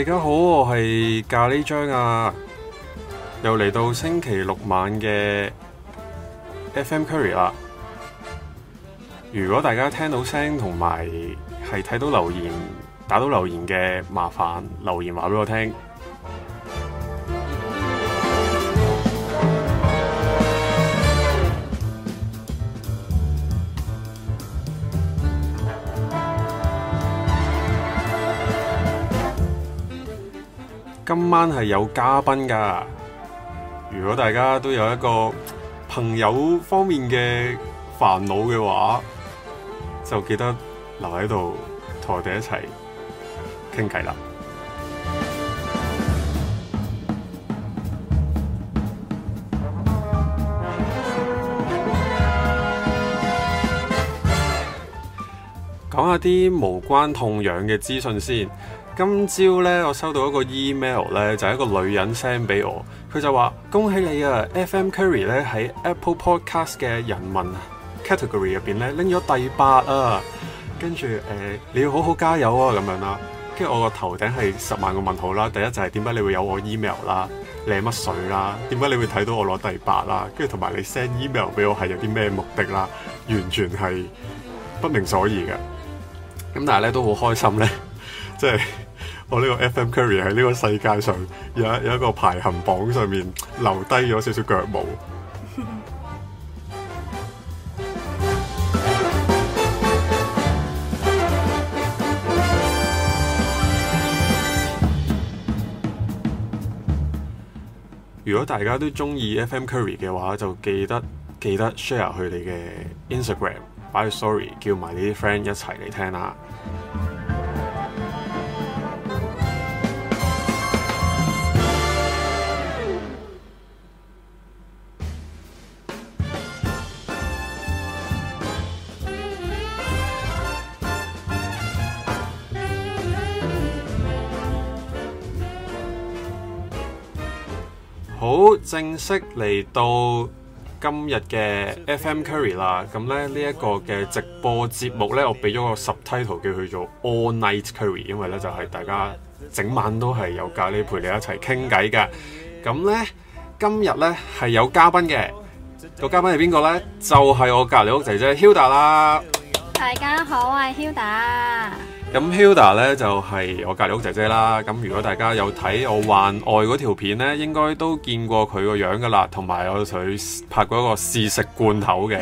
大家好，我係咖喱張啊，又嚟到星期六晚嘅 FM Curry 啦。如果大家聽到聲同埋係睇到留言打到留言嘅，麻煩留言話俾我聽。今晚係有嘉賓噶，如果大家都有一個朋友方面嘅煩惱嘅話，就記得留喺度同我哋一齊傾偈啦。講 下啲無關痛癢嘅資訊先。今朝咧，我收到一個 email 咧，就係、是、一個女人 send 俾我，佢就話恭喜你啊！FM Curry 咧喺 Apple Podcast 嘅人文 category 入邊咧拎咗第八啊，跟住誒你要好好加油啊咁樣啦。跟住我個頭頂係十萬個問號啦，第一就係點解你會有我 email 啦，你係乜水啦，點解你會睇到我攞第八啦、啊，跟住同埋你 send email 俾我係有啲咩目的啦，完全係不明所以嘅。咁但係咧都好開心咧，即係。我呢、哦呢個 FM Curry 喺呢個世界上有一有一個排行榜上面留低咗少少腳毛。 如果大家都中意 FM Curry 嘅話，就記得記得 share 佢哋嘅 Instagram，擺去 Story，叫埋你啲 friend 一齊嚟聽啦。好，正式嚟到今日嘅 FM Curry 啦，咁咧呢一個嘅直播節目咧，我俾咗個 subtitle，叫佢做 All Night Curry，因為咧就係大家整晚都係有咖喱陪你一齊傾偈嘅。咁咧今日咧係有嘉賓嘅，個嘉賓係邊個咧？就係我隔籬屋姐姐 Hilda 啦。大家好，我係 Hilda。咁 Hilda 咧就係、是、我隔籬屋姐姐啦。咁如果大家有睇我幻外嗰條片咧，應該都見過佢個樣噶啦。同埋我佢拍過一個試食罐頭嘅，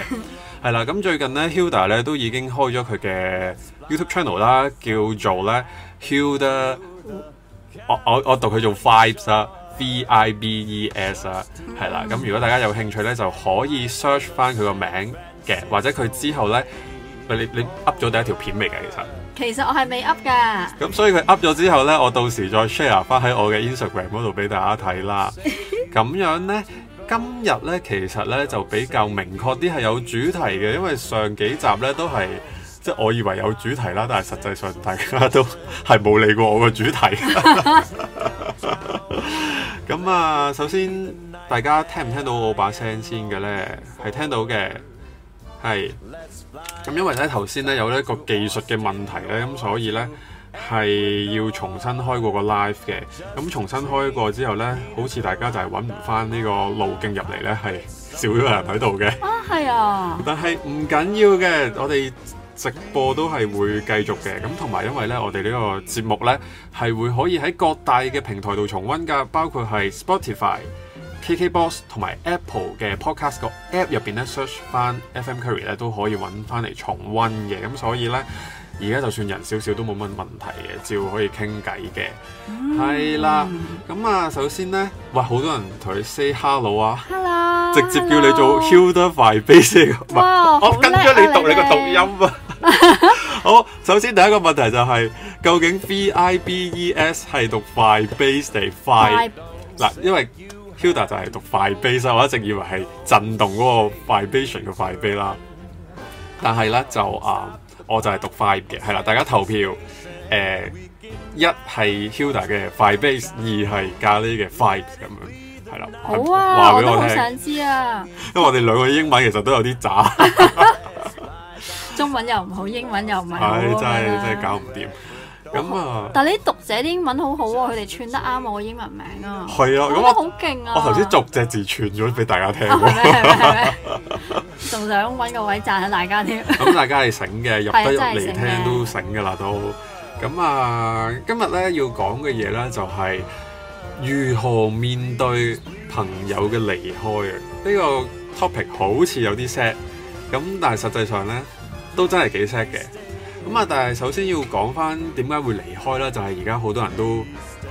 係啦。 咁最近咧 Hilda 咧都已經開咗佢嘅 YouTube channel 啦，叫做咧 Hilda。我我我讀佢做 Vibes 啊，V I B E S 啊，係啦。咁如果大家有興趣咧，就可以 search 翻佢個名嘅，或者佢之後咧，你你 up 咗第一條片未噶？其實。其實我係未 up 噶，咁所以佢 up 咗之後呢，我到時再 share 翻喺我嘅 Instagram 嗰度俾大家睇啦。咁 樣呢，今日呢，其實呢，就比較明確啲係有主題嘅，因為上幾集呢都係即係我以為有主題啦，但係實際上大家都係冇理過我嘅主題。咁 啊，首先大家聽唔聽到我把聲先嘅呢？係聽到嘅。係咁、嗯，因為咧頭先咧有一個技術嘅問題咧，咁、嗯、所以咧係要重新開過個 live 嘅。咁、嗯、重新開過之後咧，好似大家就係搵唔翻呢個路徑入嚟咧，係少咗人喺度嘅。啊，係啊。但係唔緊要嘅，我哋直播都係會繼續嘅。咁同埋因為咧，我哋呢個節目咧係會可以喺各大嘅平台度重溫㗎，包括係 Spotify。KKbox 同埋 Apple 嘅 Podcast 個 App 入邊咧，search 翻 FM Curry 咧都可以揾翻嚟重温嘅。咁所以咧，而家就算人少少都冇乜問題嘅，照可以傾偈嘅。係、嗯、啦，咁啊，首先咧，喂，好多人同你 say hello 啊，Hello 直接叫你做 Hilda Vibes，唔係，我哇、啊、跟咗你讀你個讀,們讀音啊。 好，首先第一個問題就係、是，究竟 VIBES 係讀快 base 定快嗱？因為 Hilda 就係讀快 base，所以我一直以為係震動嗰個快 base 嘅快 base 啦。Base，但係咧就啊，我就係讀 five 嘅，係啦。大家投票，誒、呃、一係 Hilda 嘅 five base，二係咖喱嘅 five 咁樣，係啦。好啊，話畀我聽，我都好想知啊。因為我哋兩個英文其實都有啲渣，中文又唔好，英文又唔係好，真係真係搞唔掂。咁啊！但係啲讀者啲英文好好、啊、喎，佢哋串得啱我英文名啊！係啊，咁我好勁啊！我頭先逐隻字串咗俾大家聽、啊啊，仲 想搵個位讚下、啊、大家添。咁大家係醒嘅， 入得嚟聽都醒㗎啦都。咁啊，今日咧要講嘅嘢咧就係如何面對朋友嘅離開啊！呢、呢個 topic 好似有啲 sad，咁但係實際上咧都真係幾 sad 嘅。咁啊！但係首先要講返點解會離開啦，就係而家好多人都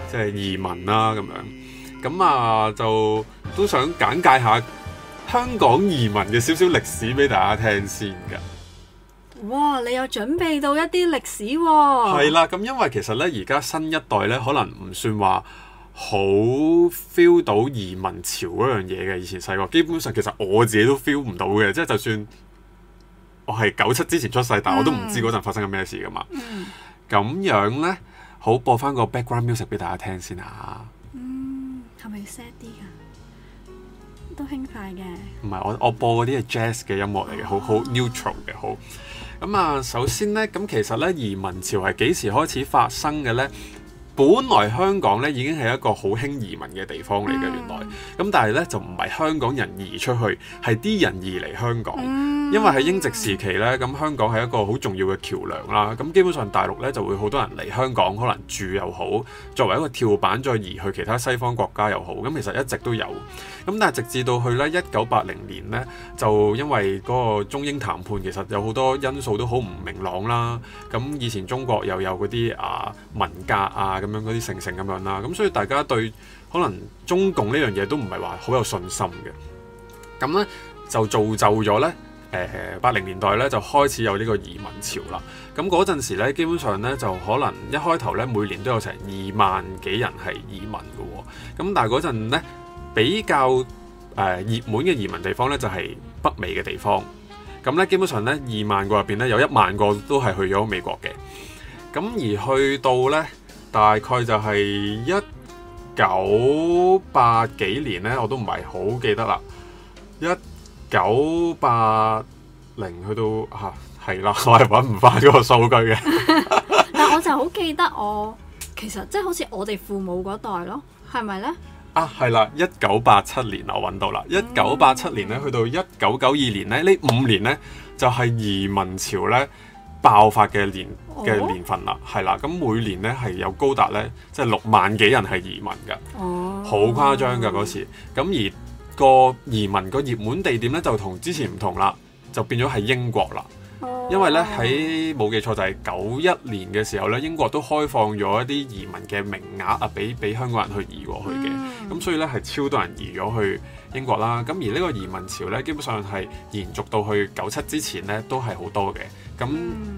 即係、就是、移民啦、啊、咁樣。咁啊，就都想簡介下香港移民嘅少少歷史俾大家聽先㗎。哇！你有準備到一啲歷史喎、哦？係啦，咁因為其實咧，而家新一代咧，可能唔算話好 feel 到移民潮嗰樣嘢嘅。以前細個基本上，其實我自己都 feel 唔到嘅，即係就算。我係九七之前出世，但係我都唔知嗰陣發生緊咩事噶嘛。嗯，咁樣咧，好播翻個 background music 俾大家聽先吓。嗯，係咪 sad 啲㗎？都輕快嘅。唔係我我播嗰啲係 jazz 嘅音樂嚟嘅，好好 neutral 嘅好。咁啊，首先咧，咁其實咧，移民潮係幾時開始發生嘅咧？本來香港咧已經係一個好興移民嘅地方嚟嘅，原來咁，但係咧就唔係香港人移出去，係啲人移嚟香港。因為喺英殖時期咧，咁香港係一個好重要嘅橋梁啦。咁基本上大陸咧就會好多人嚟香港，可能住又好，作為一個跳板再移去其他西方國家又好。咁其實一直都有，咁但係直至到去咧一九八零年咧，就因為嗰個中英談判，其實有好多因素都好唔明朗啦。咁以前中國又有嗰啲啊文革啊。咁樣嗰啲成成咁樣啦，咁所以大家對可能中共呢樣嘢都唔係話好有信心嘅。咁呢，就造就咗呢，誒八零年代呢，就開始有呢個移民潮啦。咁嗰陣時呢，基本上呢，就可能一開頭呢，每年都有成二萬幾人係移民嘅，哦。咁但係嗰陣呢比較誒、呃、熱門嘅移民地方呢，就係、是、北美嘅地方。咁呢，基本上呢，二萬個入邊呢，有一萬個都係去咗美國嘅。咁而去到呢。大概就係一九八幾年呢，我都唔係好記得啦。一九八零去到吓，啊，係啦，我係揾唔翻嗰個數據嘅。 但我就好記得我，其實即係好似我哋父母嗰代咯，係咪呢？啊，係啦，一九八七年我揾到啦。一九八七年咧，去到一九九二年咧，呢五年呢，就係移民潮呢。爆發嘅年嘅年份啦，係啦、oh？咁每年呢，係有高達呢，即係六萬幾人係移民嘅，好、oh. 誇張嘅嗰時。咁、那、而個移民個熱門地點呢，就同之前唔同啦，就變咗係英國啦。Oh. 因為呢，喺冇記錯就係九一年嘅時候呢，英國都開放咗一啲移民嘅名額啊，俾俾香港人去移過去嘅。咁、oh. 所以呢，係超多人移咗去英國啦。咁而呢個移民潮呢，基本上係延續到去九七之前呢，都係好多嘅。咁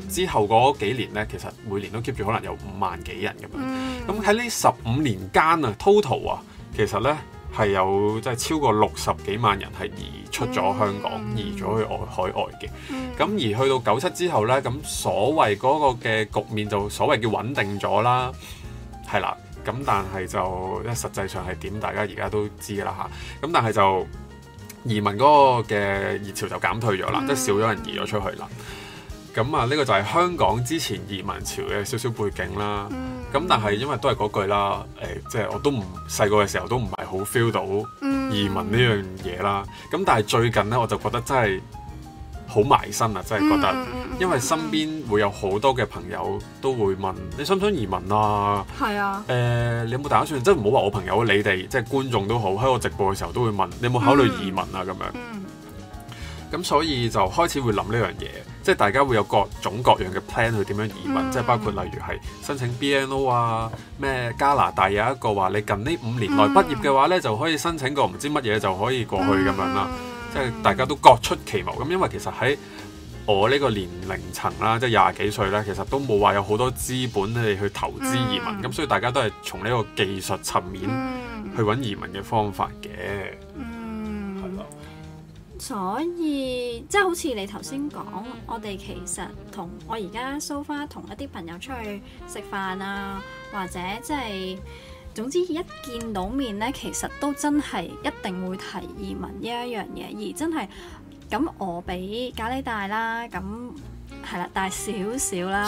之後嗰幾年呢，其實每年都 keep 住可能有五萬幾人咁樣。咁喺呢十五年間啊，total 啊，其實呢係有即係、就是、超過六十幾萬人係移出咗香港，移咗去外海外嘅。咁而去到九七之後呢，咁所謂嗰個嘅局面就所謂叫穩定咗啦，係啦。咁但係就實際上係點？大家而家都知啦嚇。咁但係就移民嗰個嘅熱潮就減退咗啦，即係少咗人移咗出去啦。咁啊，呢個就係香港之前移民潮嘅少少背景啦。咁、嗯、但係因為都係嗰句啦，誒、呃，即、就、係、是、我都唔細個嘅時候都唔係好 feel 到、嗯、移民呢樣嘢啦。咁但係最近呢，我就覺得真係好埋身啊，真係覺得，嗯、因為身邊會有好多嘅朋友都會問、嗯、你想唔想移民啊？係啊。誒、呃，你有冇打算？即係唔好話我朋友，你哋即係觀眾都好，喺我直播嘅時候都會問你有冇考慮移民啊？咁樣。咁所以就開始會諗呢樣嘢。即係大家會有各種各樣嘅 plan 去點樣移民，即係包括例如係申請 BNO 啊，咩加拿大有一個話你近呢五年內畢業嘅話咧，就可以申請個唔知乜嘢就可以過去咁樣啦。即係大家都各出奇謀咁，因為其實喺我呢個年齡層啦，即係廿幾歲咧，其實都冇話有好多資本去去投資移民，咁所以大家都係從呢個技術層面去揾移民嘅方法嘅。所以即係好似你頭先講，我哋其實同我而家蘇花同一啲朋友出去食飯啊，或者即係，總之一見到面呢，其實都真係一定會提移民呢一樣嘢，而真係咁我比咖喱大啦，咁係啦，大少少啦，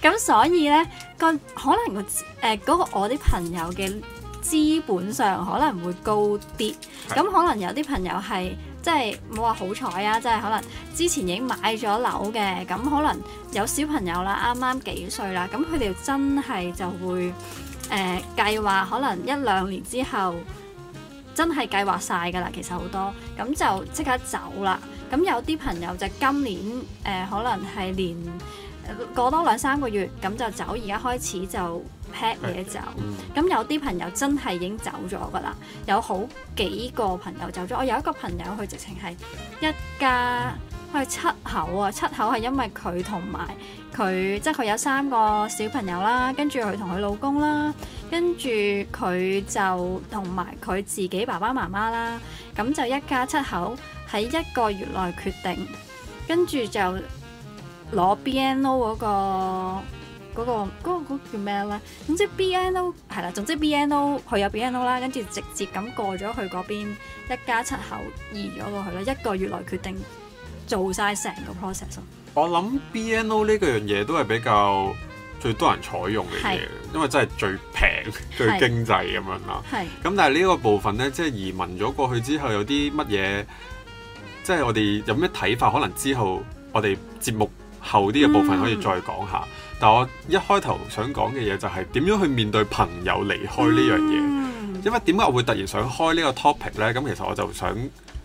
咁所以呢，個可能個誒嗰個我啲朋友嘅。資本上可能會高啲，咁的可能有啲朋友係即係冇話好彩啊，即係可能之前已經買咗樓嘅，咁可能有小朋友啦，啱啱幾歲啦，咁佢哋真係就會誒、呃、計劃，可能一兩年之後真係計劃晒㗎啦。其實好多咁就即刻走啦。咁有啲朋友就今年、呃、可能係年過多兩三個月咁就走，而家開始就。pack 嘢走，咁、嗯、有啲朋友真係已經走咗噶啦，有好幾個朋友走咗，我有一個朋友佢直情係一家，係七口啊，七口係因為佢同埋佢，即係佢有三個小朋友啦，跟住佢同佢老公啦，跟住佢就同埋佢自己爸爸媽媽啦，咁就一家七口喺一個月內決定，跟住就攞 B N O 嗰、那個。嗰個嗰個叫咩咧？總之 B N O 係啦，總之 B N O 佢有 B N O 啦，跟住直接咁過咗去嗰邊，一家七口移咗過去啦。一個月內決定做晒成個 process。我諗 B N O 呢個樣嘢都係比較最多人採用嘅嘢，係因為真係最平最經濟咁樣啦。咁但係呢個部分咧，即係移民咗過去之後有啲乜嘢，即係我哋有咩睇法？可能之後我哋節目後啲嘅部分可以再講下。嗯但我一開頭想講嘅嘢就係點樣去面對朋友離開呢樣嘢，嗯、因為點解我會突然想開呢個 topic 呢？咁其實我就想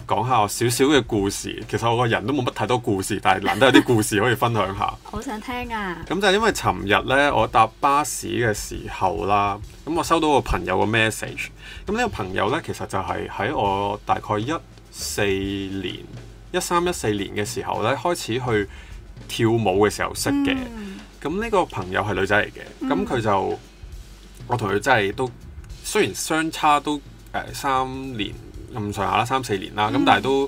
講下我少少嘅故事。其實我個人都冇乜太多故事，但係難得有啲故事可以分享下。好想聽啊！咁就係因為尋日呢，我搭巴士嘅時候啦，咁我收到個朋友嘅 message。咁呢個朋友呢，其實就係喺我大概一四年、一三一四年嘅時候呢，開始去跳舞嘅時候識嘅。嗯咁呢、嗯、個朋友係女仔嚟嘅，咁、嗯、佢、嗯、就我同佢真係都雖然相差都誒三、呃、年咁上下啦，三四年啦，咁、嗯嗯、但係都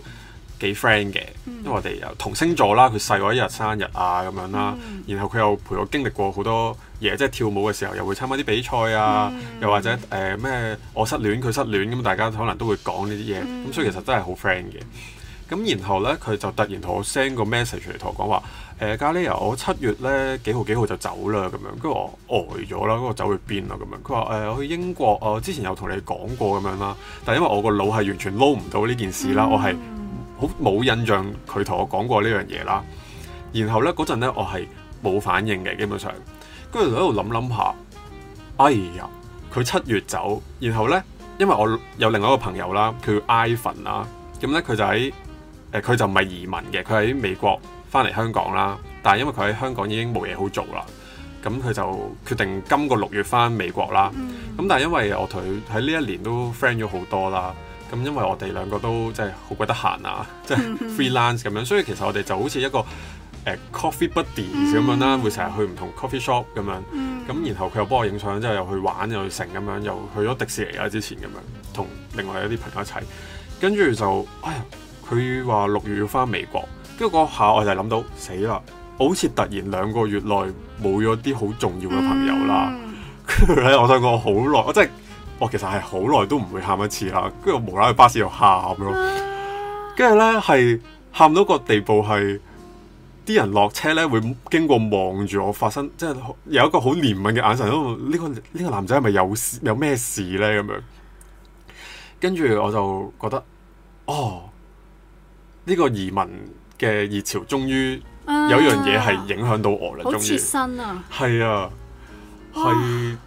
幾 friend 嘅，因為我哋又同星座啦，佢細我一日生日啊咁樣啦，嗯、然後佢又陪我經歷過好多嘢，即係跳舞嘅時候又會參加啲比賽啊，嗯、又或者誒咩、呃、我失戀佢失戀咁，大家可能都會講呢啲嘢，咁、嗯嗯嗯嗯嗯、所以其實真係好 friend 嘅。咁然後呢，佢就突然同我 send 個 message 嚟同我講話。誒，咖喱油，我七月咧幾號幾號就走啦，咁樣，跟住我呆咗啦，跟個走去邊啊，咁樣。佢話、呃、我去英國啊，之前有同你講過咁樣啦，但因為我個腦係完全撈唔到呢件事啦，嗯、我係好冇印象佢同我講過呢樣嘢啦。然後咧嗰陣咧，我係冇反應嘅，基本上，跟住就喺度諗諗下，哎呀，佢七月走，然後咧，因為我有另外一個朋友啦，叫 Ivan 啊，咁咧佢就喺誒，佢、呃、就唔係移民嘅，佢喺美國。翻嚟香港啦，但係因為佢喺香港已經冇嘢好做啦，咁佢就決定今個六月翻美國啦。咁、嗯、但係因為我同佢喺呢一年都 friend 咗好多啦，咁因為我哋兩個都即係好鬼得閒啊，即係 freelance 咁樣，所以其實我哋就好似一個、呃、coffee buddies 咁樣啦，嗯、會成日去唔同 coffee shop 咁樣。咁然後佢又幫我影相，之後又去玩又去成咁樣，又去咗迪士尼啦，之前咁樣同另外一啲朋友一齊。跟住就哎呀，佢話六月要翻美國。跟住嗰下我，我就諗到死啦！好似突然兩個月內冇咗啲好重要嘅朋友啦。跟住咧，我想講好耐，我真係我其實係好耐都唔會喊一次啦。跟住我無啦，去巴士度喊咯。跟住咧，係喊到個地步係，啲人落車咧會經過望住我，發生即係有一個好憐憫嘅眼神，都、這、呢個呢、呢個男仔係咪有事有咩事咧，咁樣？跟住我就覺得，哦，呢、呢個移民，嘅熱潮終於有一樣嘢係影響到我啦，uh, 終於好切身啊！係啊，係哇，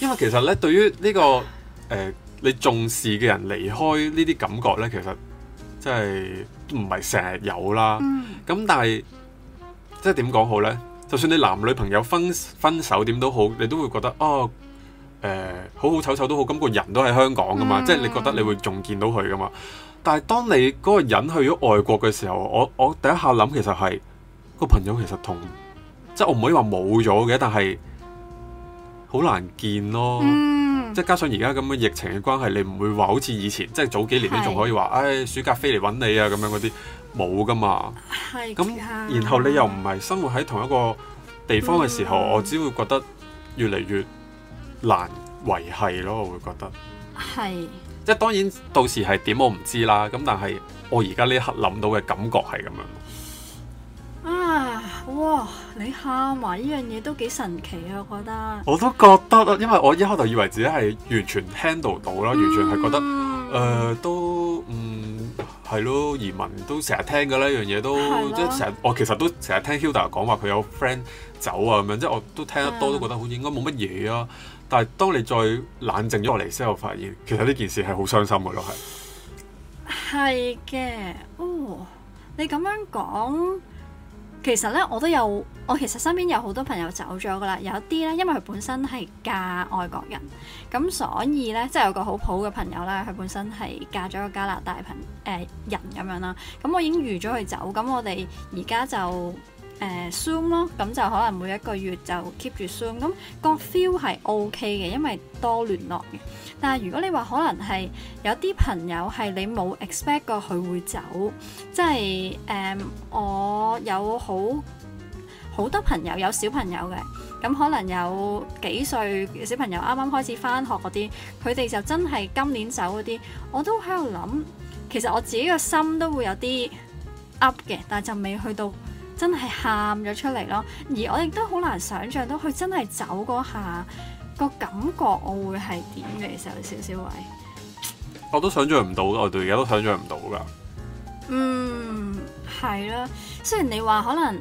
因為其實咧，對於呢、這個誒、呃、你重視嘅人離開呢啲感覺咧，其實真係唔係成日有啦。咁、嗯、但係即係點講好咧？就算你男女朋友分分手點都好，你都會覺得哦誒、呃，好好醜醜都好，咁個人都喺香港噶嘛，即係、嗯、你覺得你會仲見到佢噶嘛？但係當你嗰個人去咗外國嘅時候，我我第一下諗其實係、個朋友其實同即係我唔可以話冇咗嘅，但係好難見咯。嗯、即係加上而家咁嘅疫情嘅關係，你唔會話好似以前即係早幾年你仲可以話，是唉暑假飛嚟揾你啊咁樣嗰啲冇噶嘛。咁的，然後你又唔係生活喺同一個地方嘅時候，嗯、我只會覺得越嚟越難維繫咯。我會覺得係。即係當然，到時係點我唔知啦。咁但係我而家呢刻諗到嘅感覺係咁樣。啊，哇！你喊埋呢樣嘢都幾神奇啊，我覺得。我都覺得，因為我一開頭以為自己係完全 handle 到啦，完全係覺得，誒、嗯呃，都嗯係咯，移民都成日聽噶啦，呢樣嘢都咯即係成日，我其實都成日聽 Hilda 講話佢有 friend 走啊咁樣，即係我都聽得多都覺得好似應該冇乜嘢啊。但係當你再冷靜咗落嚟先，我發現其實呢件事係好傷心嘅咯，係。係嘅，哦，你咁樣講，其實呢，我都有，我其實身邊有好多朋友走咗噶啦，有啲呢，因為佢本身係嫁外國人，咁所以呢，即係有個好普嘅朋友啦，佢本身係嫁咗個加拿大朋誒人咁樣啦，咁我已經預咗佢走，咁我哋而家就誒、呃、zoom 咯，咁就可能每一個月就 keep 住 zoom 咁個 feel 係 OK 嘅，因為多聯絡嘅。但係如果你話可能係有啲朋友係你冇 expect 過佢會走，即係誒、嗯、我有好好多朋友有小朋友嘅，咁可能有幾歲小朋友啱啱開始返學嗰啲，佢哋就真係今年走嗰啲，我都喺度諗，其實我自己個心都會有啲 up 嘅，但係就未去到。真係喊咗出嚟咯，而我亦都好難想象到佢真係走嗰下個感覺，我會係點嘅時候，少少位。我都想象唔到，我哋而家都想象唔到噶。嗯，係啦，雖然你話可能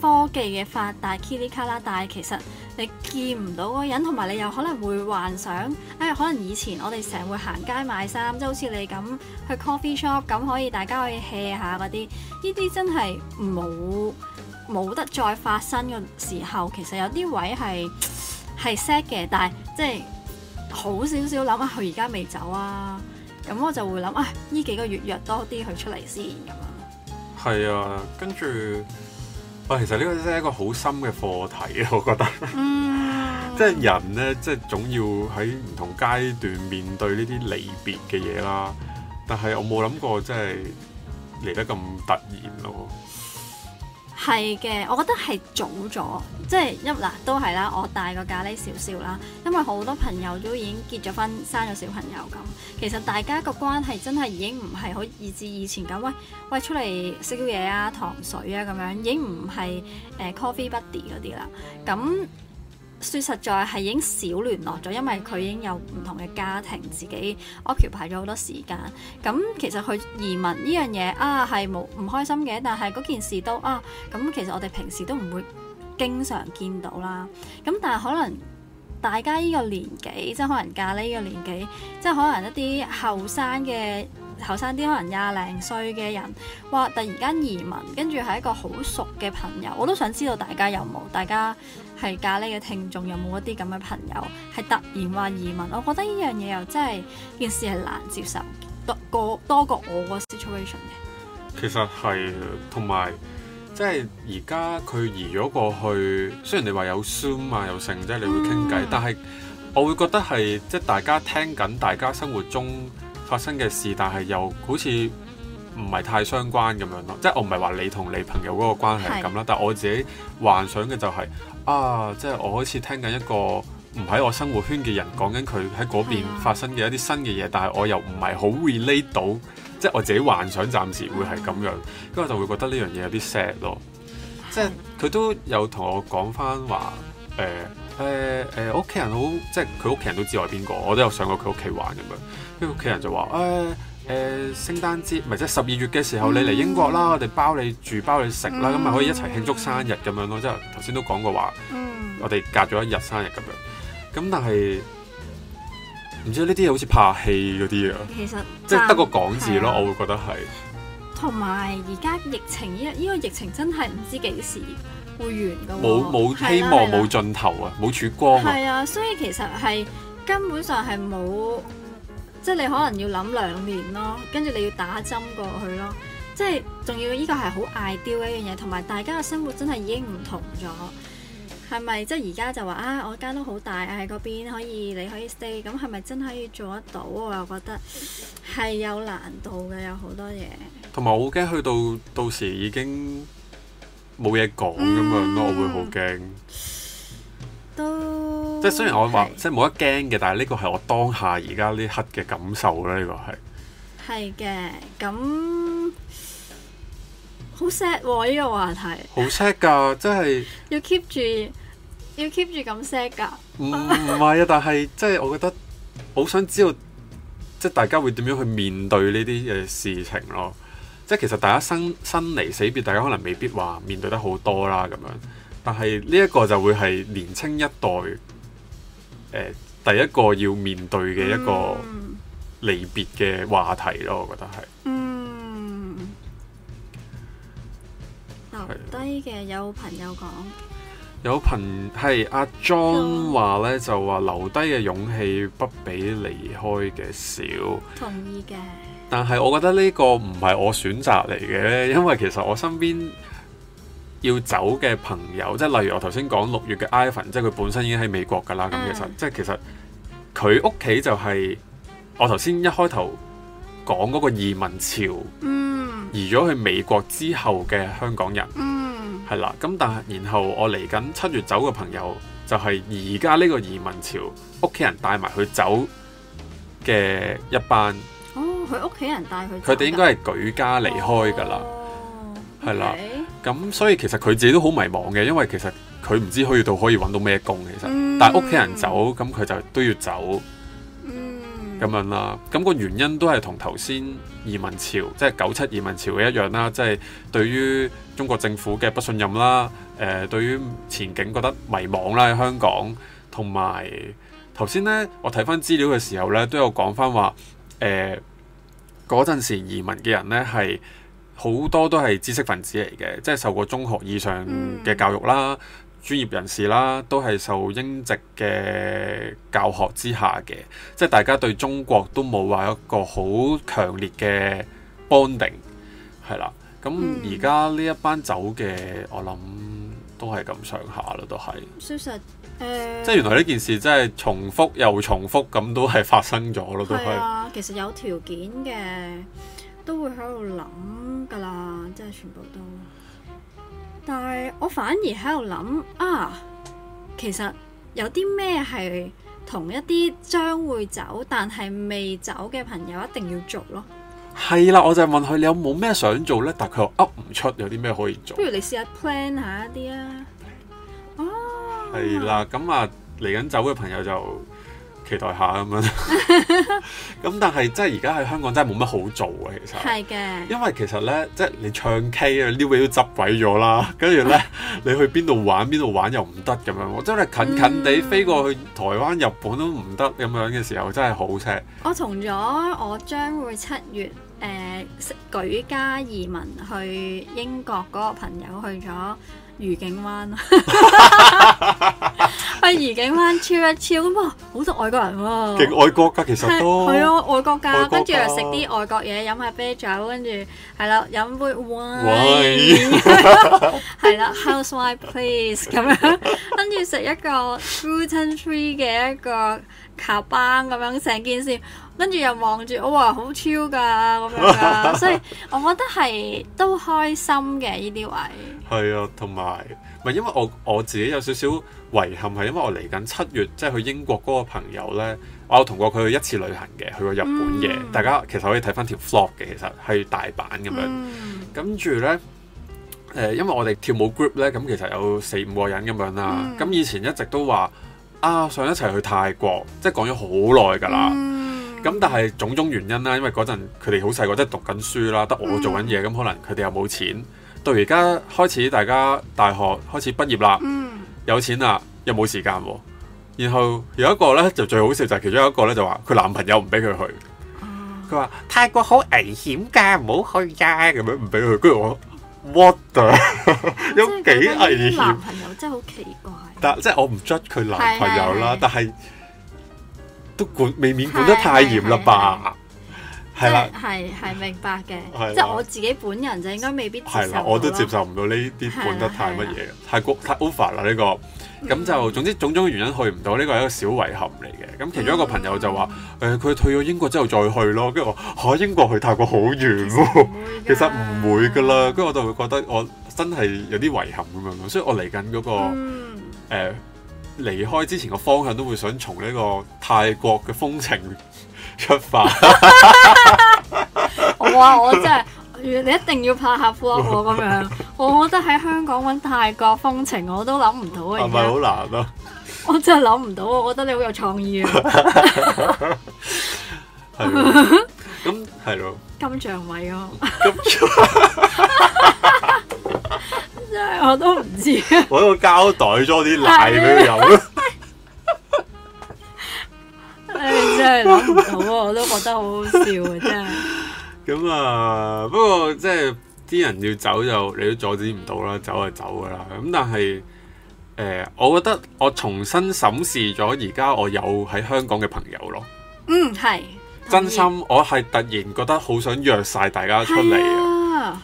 科技嘅發達，噼里卡啦，但係其實。你見唔到嗰個人，同埋你又可能會幻想，哎，可能以前我哋成日會行街買衫，即係好似你咁去 coffee shop 咁，可以大家可以 hea 下嗰啲，呢啲真係冇冇得再發生嘅時候，其實有啲位係係 sad 嘅，但係即係好少少諗下佢而家未走啊，咁我就會諗啊，哎，呢幾個月約多啲佢出嚟先咁啊。係啊，跟住。啊，其實呢個真係一個好深嘅課題啊，我覺得， 嗯、即係人咧，即係總要喺唔同階段面對呢啲離別嘅嘢啦。但係我冇諗過，即係嚟得咁突然咯。係嘅，我覺得係早咗，即係一嗱都係啦。我帶個咖喱少少啦，因為好多朋友都已經結咗婚，生咗小朋友咁。其實大家個關係真係已經唔係好似以前咁，喂喂出嚟食啲嘢啊、糖水啊咁樣，已經唔係誒 coffee buddy 嗰啲啦。咁說實在係已經少聯絡咗，因為佢已經有唔同嘅家庭，自己 occupy 咗好多時間。咁其實佢移民呢樣嘢啊係冇唔開心嘅，但係嗰件事都啊咁、嗯，其實我哋平時都唔會經常見到啦。咁但係可能大家呢個年紀，即係可能嫁呢個年紀，即係可能一啲後生嘅後生啲，可能廿零歲嘅人，哇！突然間移民，跟住係一個好熟嘅朋友，我都想知道大家有冇大家。係咖喱嘅聽眾有冇一啲咁嘅朋友係突然話移民？我覺得呢樣嘢又真係件事係難接受多，多過多過我個 situation 嘅。其實係同埋，即係而家佢移咗過去，雖然你話有 Zoom 啊有性即係你會傾偈，嗯、但係我會覺得係即係大家聽緊大家生活中發生嘅事，但係又好似唔係太相關咁樣咯。即係我唔係話你同你朋友嗰個關係係咁啦，是但係我自己幻想嘅就係、是。啊！即係我好似聽緊一個唔喺我生活圈嘅人講緊佢喺嗰邊發生嘅一啲新嘅嘢，但係我又唔係好 relate 到，即係我自己幻想暫時會係咁樣，跟住就會覺得呢樣嘢有啲 sad 咯。即係佢都有同我講翻話，誒誒誒，屋、呃、企、呃、人好，即係佢屋企人都知我係邊個，我都有上過佢屋企玩咁樣，跟住屋企人就話誒。呃誒，聖誕節唔係即係十二月嘅時候，你嚟英國啦，我哋包你住，包你食啦，咁咪可以一齊慶祝生日咁樣咯。即係頭先都講過話，我哋隔咗一日生日咁樣。咁但係唔知呢啲嘢好似拍戲嗰啲啊，其實即係得個講字咯，我會覺得係。同埋而家疫情呢？呢個疫情真係唔知幾時會完噶，冇冇希望，冇盡頭啊，冇曙光啊。係啊，所以其實係根本上係冇。即係你可能要諗兩年咯，跟住你要打針過去咯，即係仲要呢個係好 ideal 一樣嘢，同埋大家嘅生活真係已經唔同咗，係咪？即係而家就話啊，我間都好大喺嗰邊，邊可以你可以 stay，咁係咪真係可以做得到？我又覺得係有難度嘅，有好多嘢。同埋我好驚去到到時已經冇嘢講咁樣咯，嗯、我會好驚。都即係雖然我話是即係冇得驚嘅，但係呢個係我當下而家呢刻嘅感受啦。呢、呢個係係嘅，咁好 sad 喎，呢個話題。好 sad 㗎，即係要 keep 住要 keep 住咁 sad 㗎。唔唔係啊，但係即係我覺得好想知道，即係大家會點樣去面對呢啲嘅事情咯。即係其實大家生生離死別，大家可能未必話面對得好多啦咁樣。但係呢一個就會係年青一代、呃、第一個要面對嘅一個離別嘅話題咯，嗯、我覺得係。嗯，係留低嘅有朋友講，有朋係阿莊話呢，就話留低嘅勇氣不比離開嘅少。同意嘅。但係我覺得呢個唔係我選擇嚟嘅，因為其實我身邊。要走嘅朋友，即係例如我頭先講六月嘅 iPhone，即係佢本身已經喺美國㗎啦。咁、嗯、其實即係其實佢屋企就係我頭先一開頭講嗰個移民潮、嗯、移咗去美國之後嘅香港人，係啦、嗯。咁但係然後我嚟緊七月走嘅朋友，就係而家呢個移民潮屋企人帶埋佢走嘅一班。哦，佢屋企人帶佢走。佢哋應該係舉家離開㗎啦。哦。係啦，咁所以其實佢自己都好迷茫嘅，因為其實佢唔知去到可以揾到咩工，其實，但係屋企人走，咁佢就都要走，咁、嗯、樣啦。咁、個原因都係同頭先移民潮，即係九七移民潮嘅一樣啦，即係對於中國政府嘅不信任啦，誒、呃，對於前景覺得迷茫啦，喺香港同埋頭先呢，我睇返資料嘅時候呢，都有講返話，誒、呃，嗰陣時移民嘅人呢係。好多都係知識分子嚟嘅，即係受過中學以上嘅教育啦，嗯、專業人士啦，都係受英籍嘅教學之下嘅，即係大家對中國都冇話一個好強烈嘅 bonding 係啦。咁而家呢一班走嘅，嗯、我諗都係咁上下啦，都係。事實，實、呃、即係原來呢件事真係重複又重複，咁都係發生咗咯，都係、啊。其實有條件嘅。都會喺度諗噶啦，即係全部都。但係我反而喺度諗啊，其實有啲咩係同一啲將會走但係未走嘅朋友一定要做咯。係啦，我就問佢你有冇咩想做呢？但係佢又噏唔出有啲咩可以做。不如你試下 plan 下一啲啊。哦，係啦，啊，咁啊嚟緊走嘅朋友就。期待下咁樣，咁 但係真係而家喺香港真係冇乜好做啊！其實係嘅，的因為其實咧，即係你唱 K 啊，啲嘢都執鬼咗啦。跟住咧，你去邊度玩邊度玩又唔得咁樣，我真係近近地飛過去台灣、嗯、日本都唔得咁樣嘅時候，真係好 sad。我同咗我將會七月誒、呃、舉家移民去英國嗰個朋友去咗愉景灣。 不如景翻 chill 一 chill，哇！好多外國人喎、啊，勁外國㗎其實都係啊，外國㗎，跟住又食啲外國嘢，飲下啤酒，跟住係啦，飲杯 wine，係啦，house wine please，咁樣，跟住食一個 gluten free 嘅一個。靠班咁樣成件事，跟住又望住我話好超噶咁樣， 所以我覺得係都開心嘅呢啲位。係啊，同埋唔係因為我我自己有少少遺憾，係因為我嚟緊七月即係去英國嗰個朋友咧，我有同過佢去一次旅行嘅，去過日本嘅，嗯、大家其實可以睇返條 vlog 嘅，其實係大阪咁樣，跟住咧，誒、呃，因為我哋跳舞 group 咧，咁其實有四五個人咁樣啦，咁、嗯、以前一直都話。啊！想一齊去泰國，即係講咗好耐㗎啦。咁、嗯、但係種種原因啦，因為嗰陣佢哋好細個，即係讀緊書啦，得我做緊嘢，咁、嗯、可能佢哋又冇錢。到而家開始大家大學開始畢業啦，嗯、有錢啦，又冇時間。然後有一個咧就最好笑，就係其中一個咧就話佢男朋友唔俾佢去。佢話、嗯、泰國好危險㗎，唔好去㗎，咁樣唔俾佢。跟住我 what 有幾危險？男朋友真係好奇怪。即係我唔 judge 佢男朋友啦，是是是但係都管，未免管得太嚴啦吧？係啦，係係明白嘅。啦即係我自己本人就應該未必係啦，我都接受唔到呢啲管得太乜嘢嘅，泰國太，太 over 啦呢，這個。咁、嗯、就總之種種原因去唔到呢，這個係一個小遺憾嚟嘅。咁其中一個朋友就話，誒、嗯，佢、呃、退咗英國之後再去咯。跟住我吓，啊、英國去泰國好遠喎，其實唔會噶啦。跟住 我就會覺得我真係有啲遺憾咁樣，所以我嚟緊嗰個。嗯誒，離開之前個方向都會想從呢個泰國嘅風情出發。 哇！我真係，你一定要拍下 vlog 咁、啊、樣。我覺得喺香港搵泰國風情，我都諗唔到啊。係咪好難啊？我真係諗唔到。我覺得你好有創意啊。咁係咯，金像位咯、啊。 真係我都唔知，搵個膠袋裝啲奶俾佢飲咯。你真係諗唔到啊！我都覺得好好笑啊！真係。咁啊，不過即係啲人要走就你都阻止唔到啦，走就走噶啦。咁但係，誒，我覺得我重新審視咗而家我有喺香港嘅朋友咯。嗯，係。真心，我係突然覺得好想約晒大家出嚟啊！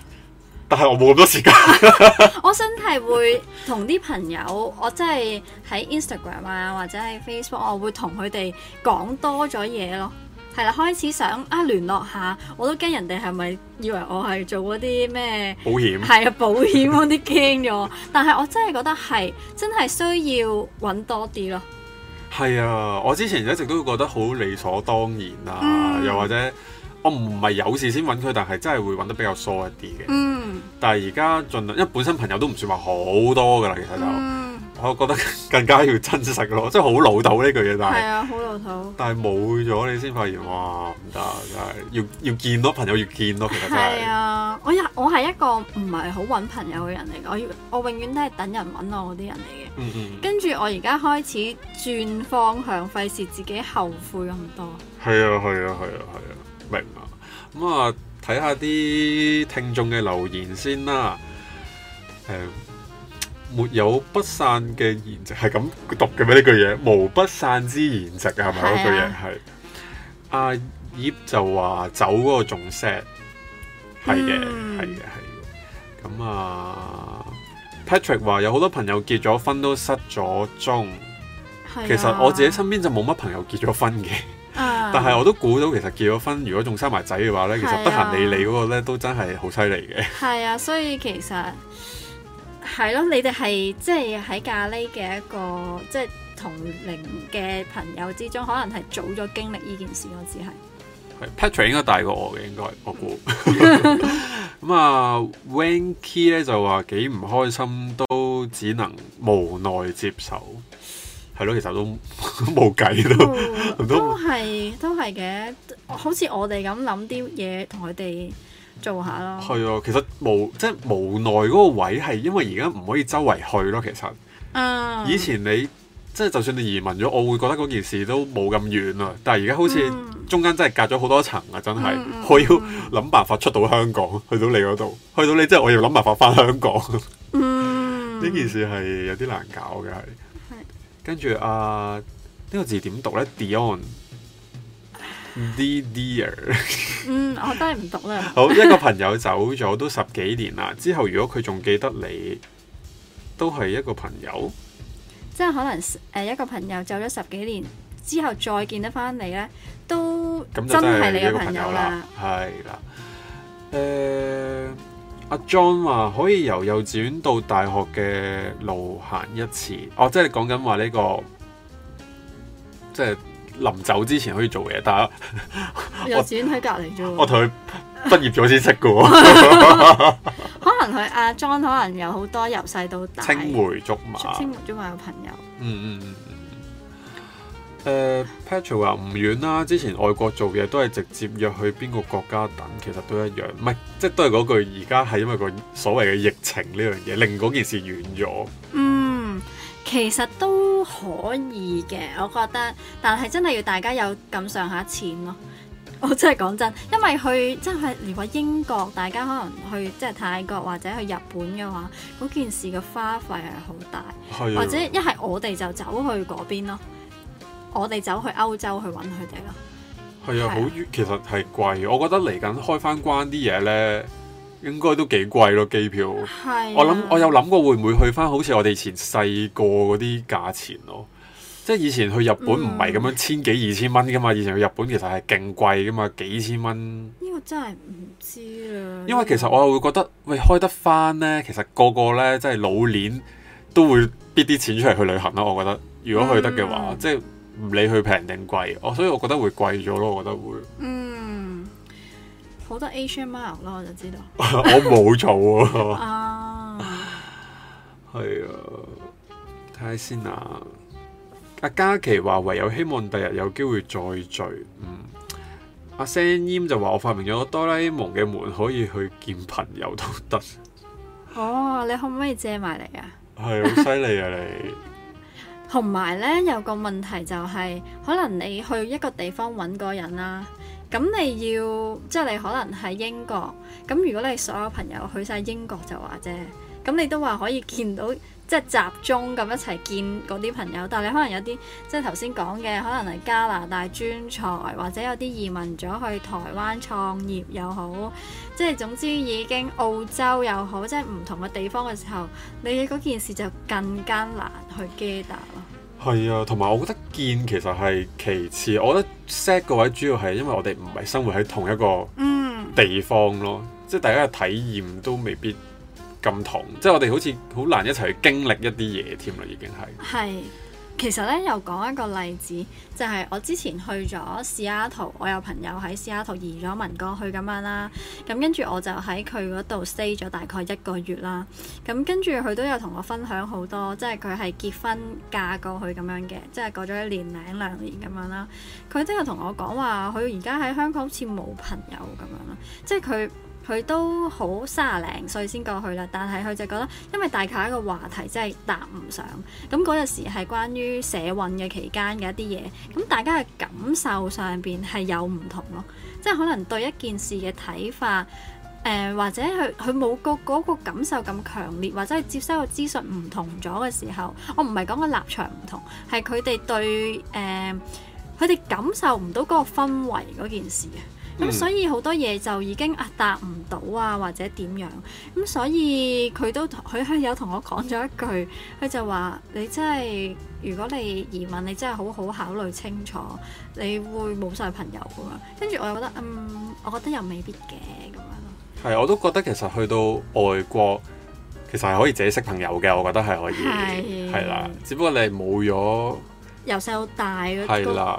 但係我冇咁多時間 。 我真係會同啲朋友，我真係喺 Instagram 啊，或者喺 Facebook，啊、我會同佢哋講多咗嘢咯。係啦、啊，開始想啊聯絡一下，我都驚人哋係咪以為我係做嗰啲咩保險？係啊，保險嗰啲驚咗。 但係我真係覺得係真係需要揾多啲咯。係啊，我之前一直都覺得好理所當然啊，嗯、又或者我唔係有事先揾佢，但係真係會揾得比較疏一啲嘅。嗯。但係而家盡量，因為本身朋友都唔算話好多噶啦，其實就，嗯、我覺得更加要珍惜咯，即係好老土呢句嘢，但係係啊，好老土。但係冇咗你先發現哇唔得，真係要要見咯，朋友要見到。其實真、就、係、是。啊，我我係一個唔係好搵朋友嘅人嚟，我我永遠都係等人搵我嗰啲人嚟嘅。嗯、哼跟住我而家開始轉方向，費事自己後悔咁多。係啊係啊係啊係啊，啊，明啊咁啊。啊睇下啲聽眾嘅留言先啦。誒、呃，沒有不散嘅筵席，係咁讀嘅咩？呢句嘢，無不散之筵席係咪嗰句嘢？係。阿、啊、葉就話走嗰個仲 set 係嘅，係嘅、嗯，係。咁啊，Patrick 話有好多朋友結咗婚都失咗蹤。啊、其實我自己身邊就冇乜朋友結咗婚嘅。Uh, 但係我都估到，其實結咗婚如果仲生埋仔嘅話咧，啊、其實得閒理你嗰個咧，都真係好犀利嘅。係啊，所以其實係咯、啊，你哋係即係喺咖喱嘅一個即係同齡嘅朋友之中，可能係早咗經歷呢件事嘅，只係。係 Patrick 應該大過我嘅，應該我估。咁啊 Winky 咧就話幾唔開心，都只能無奈接受。係咯，其實都冇計咯，都係都係嘅。好似我哋咁諗啲嘢，同佢哋做下咯。係啊，其實無即係、就是、無奈嗰個位係，因為而家唔可以周圍去咯。其實，嗯、以前你即係、就是、就算你移民咗，我會覺得嗰件事都冇咁遠啊。但係而家好似中間真係隔咗好多層啊！真係，嗯、我要諗辦法出到香港，去到你嗰度，去到你，即、就、係、是、我要諗辦法返香港。呢、嗯、 件事係有啲難搞嘅，係。跟住啊，呢、這個字點讀呢 d e o n d e dear 。嗯，我都係唔讀啦。 好，一個朋友走咗都十幾年啦。之後如果佢仲記得你，都係一個朋友。即係可能誒、呃，一個朋友走咗十幾年之後再見得翻你呢，都真係你嘅朋友啦。係啦， 阿 John 話可以由幼稚園到大學嘅路行一次，哦，即係講緊話呢個，即係臨走之前可以做嘢。但係幼稚園喺隔離啫，我同佢畢業咗先識嘅，可能佢阿 John 可能有好多由細到大青梅竹馬，青梅竹馬嘅朋友。嗯嗯嗯。嗯。誒 Patrick 話唔遠啦。之前外國做嘢都係直接約去邊個國家等，其實都一樣，唔係即係都係嗰句。而家係因為個所謂嘅疫情呢樣嘢，令嗰件事遠咗。嗯，其實都可以嘅，我覺得，但係真係要大家有咁上下錢咯、哦。我真係講真，因為去即係如果英國，大家可能去即係泰國或者去日本嘅話，嗰件事嘅花費係好大，的或者一係我哋就走去嗰邊咯。我哋走去歐洲去揾佢哋咯，係啊，好其實係貴。我覺得嚟緊開翻關啲嘢呢，應該都幾貴咯。機票，啊、我諗我有諗過會唔會去翻好似我哋以前細個嗰啲價錢咯，即係以前去日本唔係咁樣、嗯、千幾二千蚊噶嘛。以前去日本其實係勁貴噶嘛，幾千蚊。呢個真係唔知啊。因為其實我又會覺得，喂，開得翻呢，其實個個呢，即係老年都會搣啲錢出嚟去旅行咯。我覺得，如果去得嘅話，嗯、即係。唔理佢平定貴，我、哦、所以我覺得會貴咗咯，我覺得會。嗯，好多 Asian mall 咯，我就知道。 我冇做啊。哦。係啊，睇下先啊。阿嘉琪話唯有希望第日有機會再聚。嗯。阿、啊、Sam Yam 就話我發明咗個哆啦 A 夢嘅門可以去見朋友都得。哦，你可唔可以借埋嚟啊？係好犀利啊！你。同埋咧，有個問題就係，可能你去一個地方揾個人啦，咁你要，即係你可能喺英國，咁如果你所有朋友去晒英國就話啫，咁你都話可以見到。即係集中咁一齊見嗰啲朋友，但係你可能有啲即係頭先講嘅，可能係加拿大專才，或者有啲移民咗去台灣創業又好，即係總之已經澳洲又好，即係唔同嘅地方嘅時候，你嘅嗰件事就更加難去 get 到咯。係啊，同埋我覺得見其實係其次，我覺得 set 個位主要係因為我哋唔係生活喺同一個地方咯，嗯、即係大家嘅體驗都未必。咁同，即係我哋好似好難一齊去經歷一啲嘢添啦，已經係。係，其實呢，又講一個例子，就係、是、我之前去咗西雅圖，我有朋友喺西雅圖移咗民過去咁樣啦，咁跟住我就喺佢嗰度 stay 咗大概一個月啦。咁跟住佢都有同我分享好多，即係佢係結婚嫁過去咁樣嘅，即係過咗一年零兩年咁樣啦。佢都有同我講話，佢而家喺香港好似冇朋友咁樣啦，即係佢。佢都好三十零歲先過去啦，但係佢就覺得，因為大家一個話題真係答唔上。咁嗰陣時係關於社運嘅期間嘅一啲嘢，咁大家嘅感受上邊係有唔同咯。即係可能對一件事嘅睇法，誒、呃、或者佢佢冇個感受咁強烈，或者係接收嘅資訊唔同咗嘅時候，我唔係講個立場唔同，係佢哋對誒佢哋感受唔到嗰個氛圍嗰件事。咁、嗯、所以好多嘢就已經啊達唔到啊，或者點樣咁、嗯、所以佢都佢係有同我講咗一句，佢就話你真係如果你移民，你真係好好考慮清楚，你會冇晒朋友㗎嘛。跟住我又覺得嗯，我覺得又未必嘅咁樣咯。係，我都覺得其實去到外國，其實係可以自己識朋友嘅，我覺得係可以係啦的。只不過你冇咗。由細到大嗰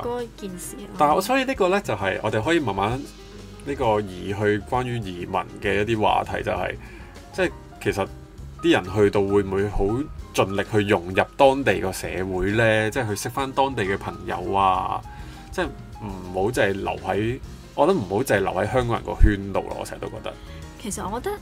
嗰件事，但係我、哦、所以呢個呢，就係、是、我哋可以慢慢呢、呢個移去關於移民嘅一啲話題就係、就係、即係其實啲人去到會唔會好盡力去融入當地個社會呢？即係去識翻當地嘅朋友啊，即係唔好就係留喺，我覺得唔好就係留喺香港人個圈度咯。我成日都覺得，其實我覺得。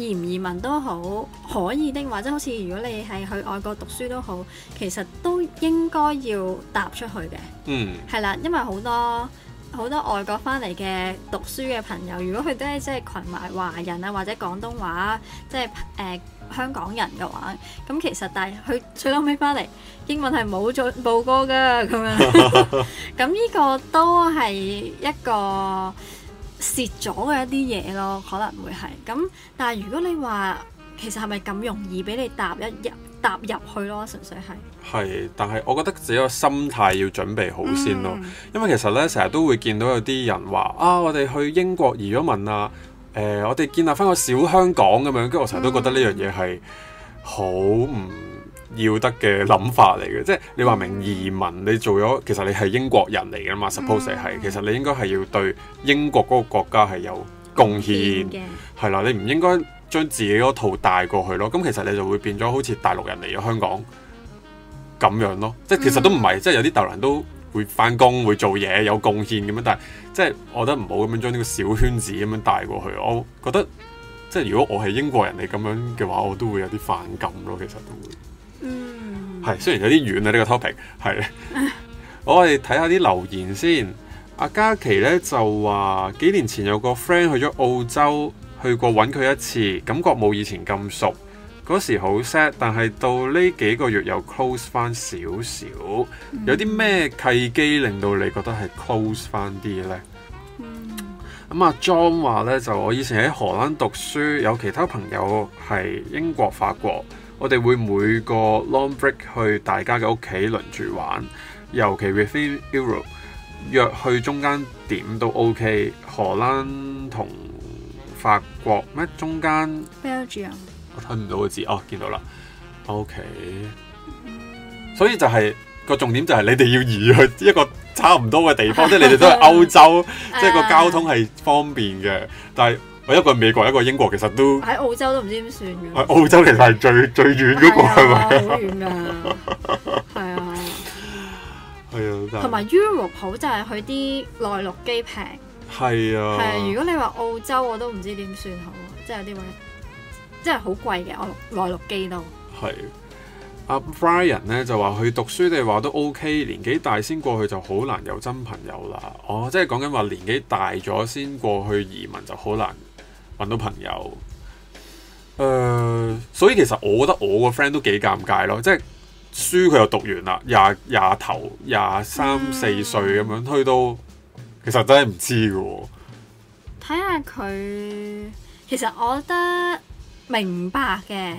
移唔移民都好，可以的，或者好似如果你係去外國讀書都好，其實都應該要搭出去嘅。嗯，係啦，因為好多好多外國翻嚟嘅讀書嘅朋友，如果佢都係即係群埋華人啊或者廣東話，即係誒、呃，香港人嘅話，咁其實但係佢最後尾翻嚟，英文係冇再報過噶咁樣。咁呢個都係一個。蝕咗嘅一啲嘢咯，可能會係咁。但係如果你話其實係咪咁容易俾你搭一入搭入去咯，純粹係。係，但係我覺得自己個心態要準備好先咯。嗯、因為其實呢，成日都會見到有啲人話啊，我哋去英國移咗民啊。誒、呃，我哋建立翻個小香港咁樣，跟住我成日都覺得呢樣嘢係好唔～、嗯嗯要得嘅諗法嚟嘅，即係你話明移民，你做咗其實你係英國人嚟嘅嘛，suppose、嗯、係，其實你應該係要對英國嗰個國家係有貢獻，係啦的，你唔應該將自己嗰套帶過去咯。咁、嗯、其實你就會變咗好似大陸人嚟咗香港咁樣咯。即、嗯、係其實都唔係，即係有啲大陸人都會翻工、會做嘢、有貢獻咁樣。但係即係我覺得唔好咁樣將呢個小圈子咁樣帶過去。我覺得即係如果我係英國人嚟咁樣嘅話，我都會有啲反感咯。其實都會。係，雖然有啲遠啊，呢、呢個 topic 係。 我哋睇下啲留言先。阿嘉琪咧就話幾年前有個 friend 去咗澳洲，去過揾佢一次，感覺冇以前咁熟。嗰時好 sad，但係到呢幾個月又 close 翻少少。嗯、有啲咩契機令到你覺得係 close 翻啲呢？咁阿、嗯啊、John 話咧就我以前喺荷蘭讀書，有其他朋友係英國、法國。我哋會每個 long break 去大家嘅屋企輪住玩，尤其 with Europe 約去中間點都 OK。荷蘭同法國咩中間 Belgium。我睇唔到個字哦，見到啦。OK，所以就係、是、個重點就係你哋要移去一個差唔多嘅地方，即係 你哋都係歐洲，即係 個交通係方便嘅，但係。我一個美國，一個，英國，一個英國，其實都喺澳洲都唔知點算嘅。澳洲其實係最 最遠嗰個係咪？好遠㗎，係啊，係啊，同埋 Europe 就係佢啲內陸機平。係啊，係、啊。如果你話澳洲，我都唔知點算好啊，即係有啲位，即係好貴嘅內內陸機都。係阿、啊、Brian 咧就話去讀書你話都 OK，年紀大先過去就好難有真朋友啦。哦，即係講緊話年紀大咗先過去移民就好難。揾到朋友，誒、uh，所以其實我覺得我個 friend 都幾尷尬咯，即係書佢又讀完啦，廿廿頭廿三、mm. 四歲咁樣去到，其實真係唔知嘅、哦。睇下佢，其實我覺得明白嘅，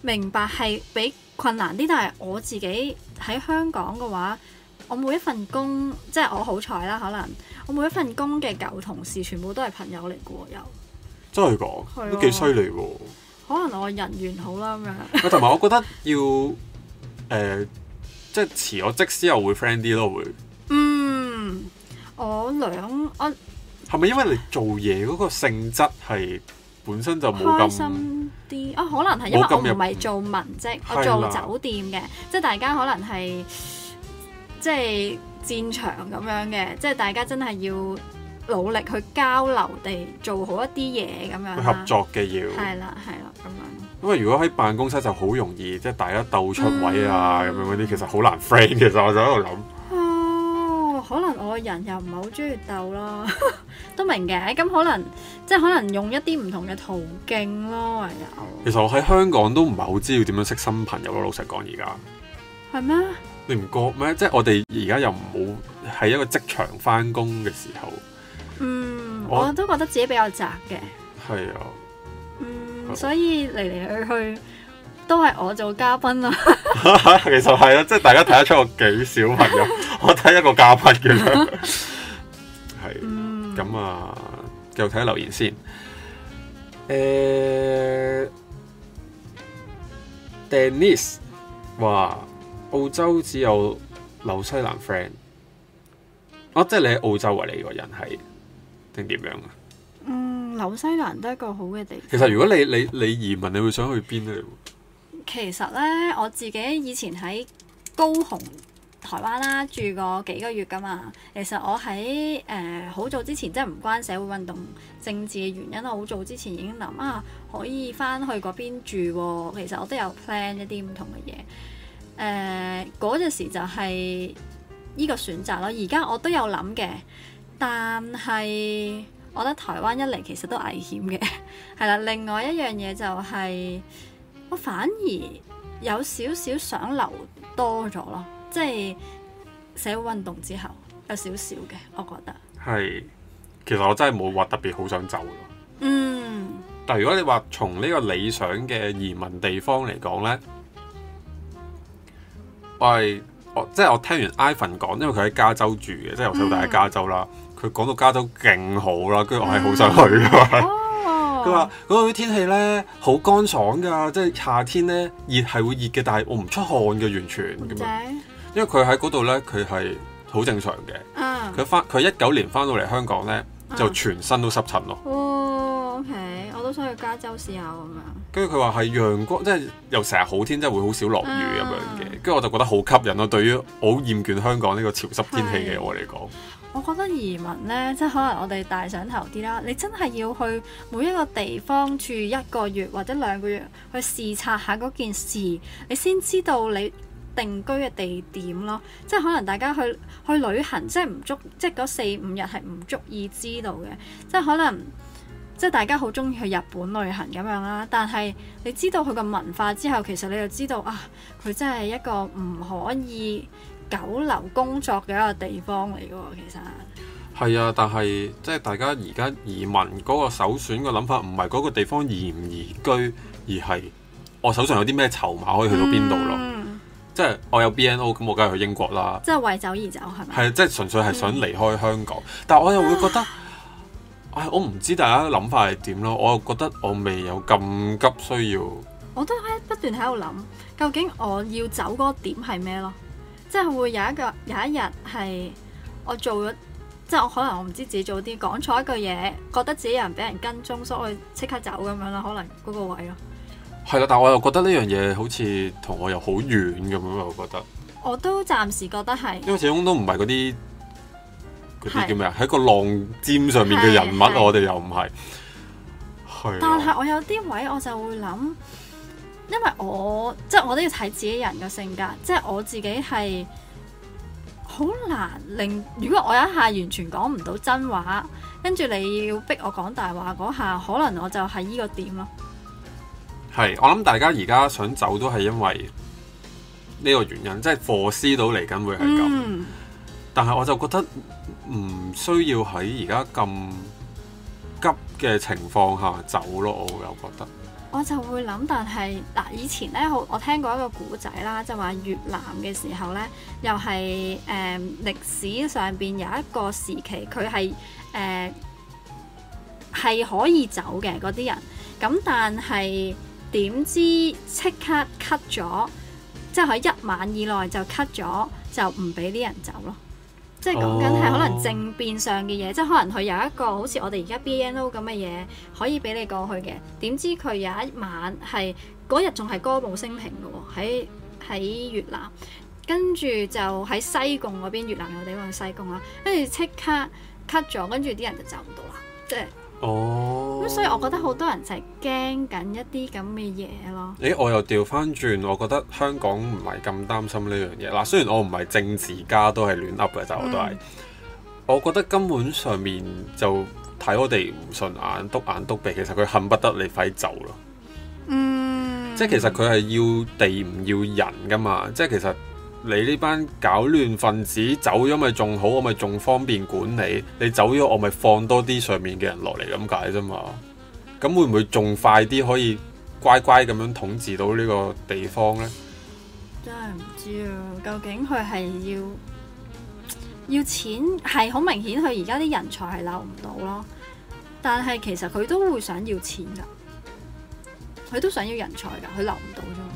明白係比困難啲，但係我自己喺香港嘅話，我每一份工，即係我好彩啦，可能我每一份工嘅舊同事全部都係朋友嚟嘅喎，又。真係講，都幾犀利喎。可能我人緣好啦咁樣。同 埋我覺得要誒、呃，即係辭咗職之後會 friend 啲咯，會。嗯，我兩，我係咪因為你做嘢嗰個性質係本身就冇開心啲啊、哦？可能係因為我唔係做文職，我做酒店嘅，的即係大家可能係即係戰場咁樣嘅，即係大家真係要。努力去交流地做好一啲嘢咁樣，去合作嘅要係啦，係啦咁樣。因為如果喺辦公室就好容易，即係大家鬥出位啊，咁、嗯、樣嗰啲其實好難 friend。其實，frame，其實我就喺度諗哦，可能我個人又唔係好中意鬥咯， 都明嘅。咁可能即係可能用一啲唔同嘅途徑咯，還有。其實我喺香港都唔係好知道要點樣識新朋友咯。老實講，而家係咩？你唔覺咩？即係我哋而家又冇喺一個職場返工嘅時候。嗯，我，我都覺得自己比較窄嘅。係啊。嗯，嗯，所以嚟嚟去去都係我做嘉賓啦。 其實係啊，即、就、係、是、大家睇得出我幾少朋友， 我睇一個嘉賓嘅啫。係。 咁啊，繼續睇下留言先。誒、uh，Denise 哇，澳洲只有紐西蘭 friend。哦、啊，即係你喺澳洲啊？你個人係？定點樣啊？嗯，紐西蘭都係一個好嘅地方。其實如果你你你移民，你會想去邊咧？其實咧，我自己以前喺高雄台灣啦、啊、住過幾個月噶嘛。其實我喺誒好早之前，即係唔關社會運動政治嘅原因，我好早之前已經諗啊，可以翻去嗰邊住、啊。其實我都有 plan 一啲唔同嘅嘢。誒、呃，嗰陣時就係呢個選擇咯。而家我都有諗嘅。但係我覺得台灣一嚟其實都危險嘅，係啦。另外一樣嘢就係我反而有少少少想留多咗咯，即係社會運動之後有少少嘅，我覺得。係，其實我真係冇話特別好想走咯。嗯，但如果你話從呢個理想嘅移民地方嚟講呢，我係我即係我聽完 Ivan 講，因為佢喺加州住嘅，即係由細到大喺加州啦。佢講到加州勁好啦，跟住我係好想去㗎。佢話嗰度啲天氣咧好乾爽㗎，即係夏天咧熱係會熱嘅，但係我唔出汗嘅完全。因為佢喺嗰度咧，佢係好正常嘅。佢返佢一九年返到嚟香港咧，就全身都濕疹咯。啊哦、o、okay，k 我都想去加州試下咁樣。跟住佢話係陽光，即係又成日好天，即係會好少落雨咁、啊、樣嘅。跟住我就覺得好吸引咯，對於我好厭倦香港呢個潮濕天氣嘅我嚟講。我覺得移民呢，即係可能我哋大想頭啲啦。你真係要去每一個地方住一個月或者兩個月，去視察下嗰件事，你先知道你定居嘅地點咯。即係可能大家去去旅行，即係唔足，即係嗰四五日係唔足以知道嘅。即係可能即係大家好中意去日本旅行咁樣啦。但係你知道佢個文化之後，其實你就知道啊，佢真係一個唔可以。酒樓工作嘅一個地方嚟噶、哦，其實係啊，但係即係大家而家移民嗰個首選嘅諗法，唔係嗰個地方移唔移居，而係我手上有啲咩籌碼可以去到邊度咯。嗯、即係我有 BNO，咁我梗係去英國啦。即係為走而走，係咪？係即係純粹係想離開香港，嗯、但係我又會覺得，唉，唉，我唔知大家諗法係點咯。我又覺得我未有咁急需要，我都喺不斷喺度諗，究竟我要走嗰個點係咩咯？即係會有一個有一日係我做咗，即係我可能我唔知自己做啲講錯一句嘢，覺得自己有人俾人跟蹤，所以我即刻走咁樣咯，可能嗰個位咯。係啦，但係我又覺得呢樣嘢好似同我又好遠咁樣，我覺得。我都暫時覺得係。因為始終都唔係嗰啲嗰啲叫咩啊？喺個浪尖上面嘅人物，我哋又唔係。係。但係我有啲位我就會諗。因為我即係我都要睇自己人嘅性格，即係我自己係好難令。如果我一下完全講唔到真話，跟住你要逼我講大話嗰下，可能我就係依個點咯。係，我諗大家而家想走都係因為呢個原因，即係貨斯到嚟緊會係咁。嗯、但係我就覺得唔需要喺而家咁急嘅情況下走咯，我又覺得。我就會諗，但係嗱，以前咧，我我聽過一個古仔啦，就話、是、越南嘅時候咧，又係誒、呃、歷史上邊有一個時期，佢係誒係可以走嘅嗰啲人，咁但係點知即刻 cut 咗，即係喺一晚以內就 cut 咗，就唔俾啲人走咯。即係講緊係可能政變上嘅嘢，oh. 即係可能佢有一個好似我哋而家 B N O 咁嘅嘢可以俾你過去嘅，點知佢有一晚係嗰日仲係歌舞升平嘅喎，喺喺越南，跟住就喺西貢嗰邊越南有地方，西貢啦，跟住即刻 cut 咗，跟住啲人就走唔到啦，即係。Oh. 咁、嗯、所以，我覺得好多人就係驚緊一啲咁嘅嘢咯。咦、欸，我又調翻轉，我覺得香港唔係咁擔心呢樣嘢。嗱，雖然我唔係政治家，都係亂噏嘅，就我都係。嗯、我覺得根本上面就睇我哋唔順眼，篤眼篤鼻。其實佢恨不得你快走咯。嗯。即係其實佢係要地唔要人㗎嘛。即係其實。你呢班搞亂分子走咗咪仲好，我咪仲方便管理。你走咗我咪放多啲上面嘅人落嚟咁解啫嘛。咁會唔會仲快啲可以乖乖咁樣統治到呢個地方呢？真係唔知啊！究竟佢係要要錢，係好明顯佢而家啲人才係留唔到咯。但係其實佢都會想要錢噶，佢都想要人才噶，佢留唔到啫。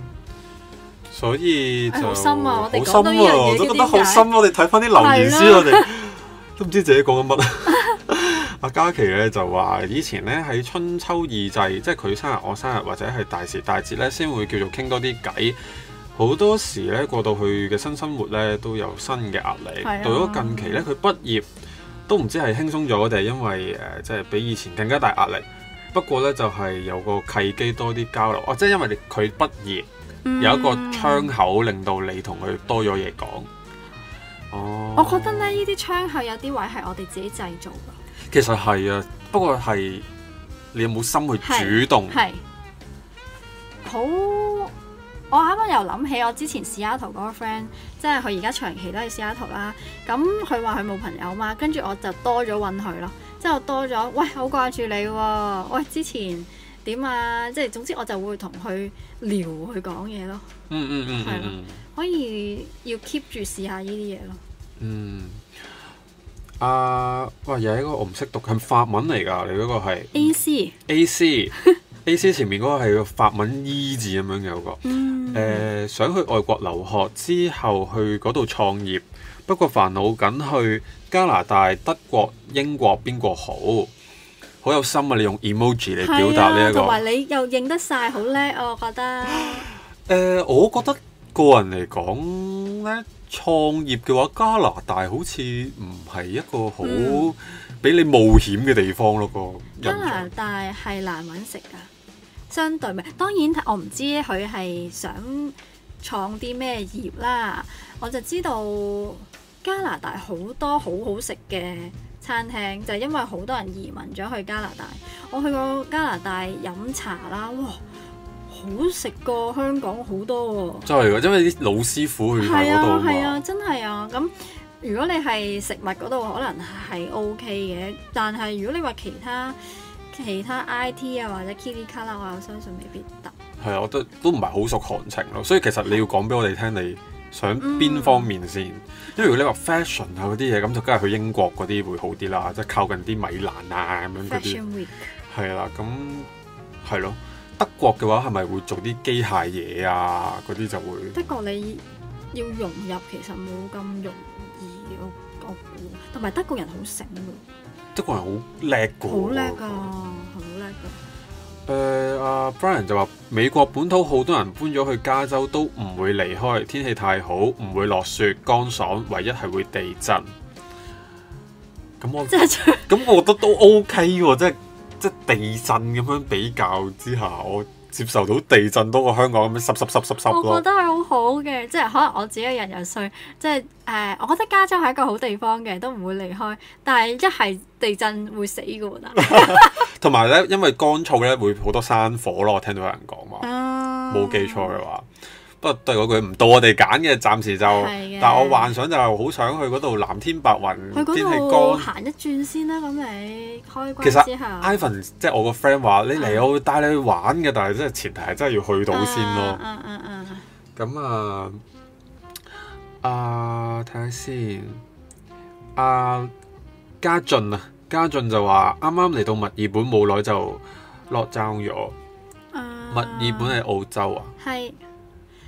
所以就好深啊！我哋講到呢樣嘢，好深啊，我都覺得好深、啊。我哋睇翻啲留言對、啊、先，我哋都唔知自己講緊乜。阿嘉琪咧就話，以前咧喺春秋二祭，即係佢生日、我生日或者係大時大節咧，先會叫做傾多啲偈。好多時咧過到去嘅新生活咧，都有新嘅壓力。對啊、到咗近期咧，佢畢業都唔知係輕鬆咗定係因為誒，即、就、係、是、比以前更加大壓力。不過咧就係、是、有個契機多啲交流，哦、啊，即、就、係、是、因為佢畢業。有一個窗口令到你同佢多咗嘢講，哦，我覺得咧呢啲窗口有啲位係我哋自己製造噶，其實係啊，不過係你有冇心去主動？係，好，我啱啱又諗起我之前西雅圖嗰個 friend，即係佢而家長期都係西雅圖啦，咁佢話佢冇朋友嘛，跟住我就多咗搵佢咯，即係我多咗，喂，好掛住你喎，喂，之前。點啊！即係總之我就會同佢聊佢講嘢咯。嗯嗯嗯，係咯，可以要 keep 住試下呢啲嘢咯。嗯。啊！喂，又一個我唔識讀，係法文嚟㗎。你嗰個係。啊嗯、A C A。A C。A C 前面嗰個係法文 E 字咁樣嘅嗰個、嗯嗯呃。想去外國留學之後去嗰度創業，不過煩惱緊去加拿大、德國、英國邊個好？好有心啊！你用 emoji 嚟表達呢一個，同埋、啊、你又認得晒，好叻、啊、我覺得，誒、呃，我覺得個人嚟講，創業嘅話，加拿大好似唔係一個好俾你冒險嘅地方咯。嗯、個加拿大係難搵食噶，相對唔係，當然我唔知佢係想創啲咩業啦。我就知道加拿大好多好好食嘅。餐廳就係因為好多人移民咗去加拿大，我去過加拿大飲茶啦，哇，好食過香港好多喎！真係因為啲老師傅去曬嗰度啊，啊嘛。係啊，係啊，真係啊。咁如果你係食物嗰度，可能係 O K 嘅。但係如果你話其他其他 I T 啊或者 Kitty 卡拉，我又相信未必得。係啊，我覺得都唔係好熟行情咯。所以其實你要講俾我哋聽你，你，想邊方面先？嗯，因為如果你話 fashion 啊嗰啲嘢，咁就梗係去英國嗰啲會好啲啦，即係靠近啲米蘭啊咁樣嗰啲。Fashion Week 係啦，咁係咯。德國嘅話係咪會做啲機械嘢啊？嗰啲就會。德國你要融入其實冇咁容易咯，我同埋德國人好醒嘅。德國人好叻㗎。好叻㗎。誒、uh，Brian 就話美國本土好多人搬咗去加州都唔會離開，天氣太好，唔會落雪，乾爽，唯一係會地震。咁我，咁 我覺得都 OK，即係即係地震咁樣比較之下。接受到地震多過香港咁樣濕濕濕濕濕，我覺得係好好嘅，即係可能我自己一日日衰，即係誒、呃，我覺得加州係一個好地方嘅，都唔會離開。但係一係地震會死嘅喎，同埋咧，因為乾燥咧會好多山火咯，我聽到有人講、uh、話，冇記錯嘅話。不過對嗰句唔到我哋揀嘅，暫時就，的但係我幻想就係好想去嗰度藍天白雲，去天氣乾，行一轉先啦、啊。咁你開關之後，Ivan 即係我個 friend 話你嚟，我會帶你去玩嘅，但係即係前提係真係要去到先咯。嗯咁、uh, uh, uh, uh. 啊，啊睇下先，阿家俊啊，家俊，家俊就話啱啱嚟到墨爾本冇耐就 lockdown 咗。墨爾本係澳洲啊。係、uh,。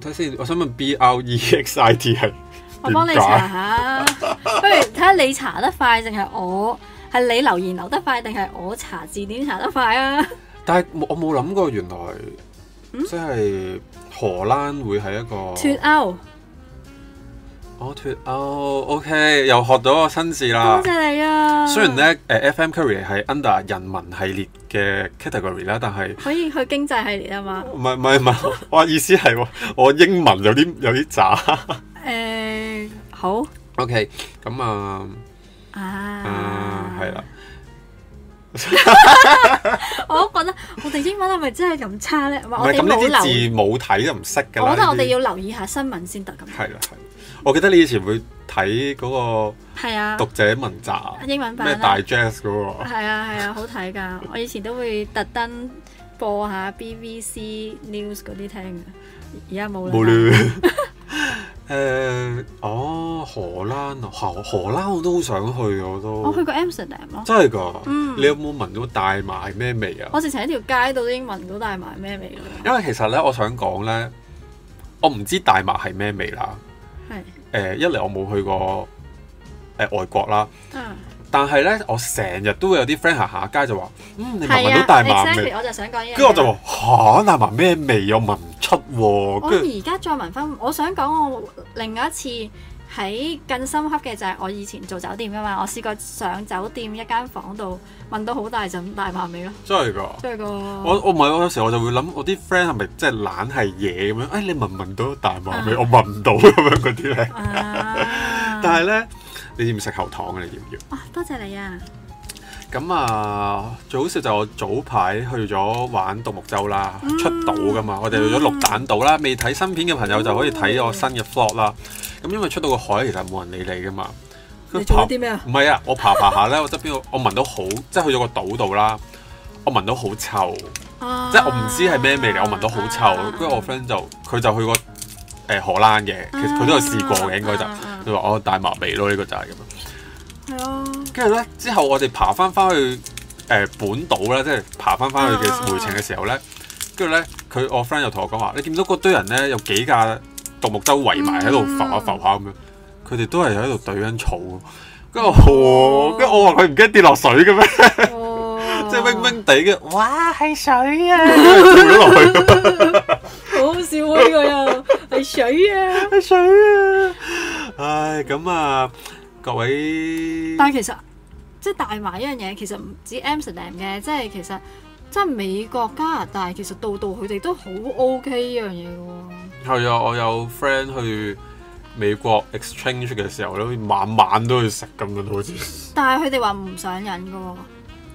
睇先，我想問 B R E X I T 我幫你查下！ 不如睇下你查得快定係我？係你留言留得快定係我查字典查得快啊？但係我冇諗過，原來、嗯、即係荷蘭會係一個脫歐。我脫哦，OK，又學到個新字啦！多謝你啊！雖然咧，誒，FM Curry 係 under 人民系列嘅 category 啦，但係可以去經濟系列啊嘛？唔係唔係唔係，我意思係我英文有啲有啲渣。誒，好 OK，咁啊啊，係啦！我都覺得我哋英文係咪真係咁差咧？我哋咁呢啲字冇睇都唔識嘅，我覺得我哋要留意下新聞先得咁。係啦，係。我記得你以前會睇嗰個，啊讀者文摘英文版咩、啊、大 Jazz 嗰個，係啊係啊好睇㗎！ 我以前都會特登播下 BBC News 嗰啲聽嘅，而家冇啦。誒無聊， uh, 哦，荷蘭荷荷蘭我，我都好想去我都。我、哦、去過 Amsterdam 咯，真係的㗎。嗯、你有冇聞到大麻係咩味啊？我之前喺條街度都已經聞到大麻係咩味啦。因為其實咧，我想講咧，我唔知大麻係咩味啦。誒、呃、一嚟我冇去過誒、呃、外國啦，啊、但係咧我成日都會有啲 friend 行下街就話：嗯，你聞唔聞到大麻味？啊 exactly. 我就想講呢樣。跟住我就話嚇，大麻咩味又聞唔出喎、啊。咁而家再聞翻，我想講我另外一次。喺更深刻嘅就係我以前做酒店噶嘛，我試過上酒店一間房度聞到好大陣大麻味咯，真係噶，真係噶。我我唔係我有時我就會諗我啲 friend 係咪即係懶係嘢咁樣？誒、哎，你聞唔聞到大麻味，啊、我聞唔到咁樣嗰啲咧。啊、 但係咧，你點食喉糖嘅？你點要啊？多謝你啊！咁啊，最好笑就我早排去咗玩獨木舟啦，嗯、出島噶嘛。我哋去咗綠蛋島啦。嗯、未睇新片嘅朋友就可以睇我新嘅 vlog 啦。嗯咁因為出到個海其實冇人理你噶嘛，你做咗啲咩啊？唔係啊，我爬爬下咧，我側邊我我聞到好， 即係去咗個島度啦，我聞到好臭，啊、即係我唔知係咩味嚟，我聞到好臭。跟住、啊、我 friend 就佢就去過誒、呃、荷蘭嘅，其實佢都有試過嘅，應該就佢話、啊、我大麻味咯，呢、這個就係、是、咁。係啊。跟住咧之後，我、呃後呢，我哋爬翻翻去誒本島咧，即係爬翻翻去嘅回程嘅時候咧，跟住咧佢我 friend 又同我講話，你見到嗰堆人咧有幾架？獨木舟圍埋喺度浮下浮下咁樣，佢哋都係喺度懟緊草，跟住我跟住我話佢唔驚跌落水嘅咩？即係冰冰地嘅，哇係水啊！跌落去，好笑啊！呢個又係水啊，係水啊！唉，咁啊各位，但係其實即係帶埋一樣嘢，其實唔止 Amsterdam 嘅，即係其實。即係美國加拿大其實到度佢哋都好 OK 依樣嘢嘅喎。係啊，我有 friend 去美國 exchange 嘅時候咧，晚晚都去食咁樣好似。 但係佢哋話唔上癮嘅喎，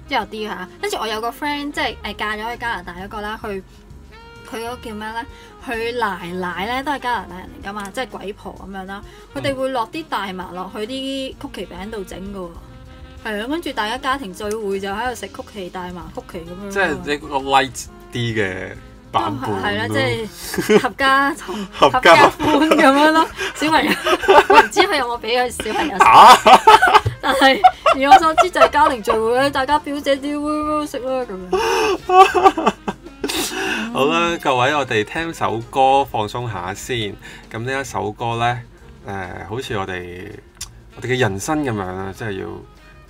都有啲嚇。跟住我有個 friend 即係誒嫁咗去加拿大一個啦，去佢嗰個叫咩咧？佢奶奶咧都係加拿大人嚟㗎嘛，即係鬼婆咁樣啦。佢哋會落啲大麻落去啲曲奇餅度整嘅喎。嗯。係啊，跟住大家家庭聚會就喺度食曲奇，大麻曲奇咁樣。即係一個 light 啲嘅版本。係啦，即係合家合家歡咁樣咯。小朋友，我唔知佢有冇俾佢小朋友食，但係如我所知就係家庭聚會咧，大家表姐啲會唔會食啦咁樣。好啦，各位，我哋聽首歌放鬆下先。咁呢一首歌咧，誒，好似我哋我哋嘅人生咁樣啦，即係要。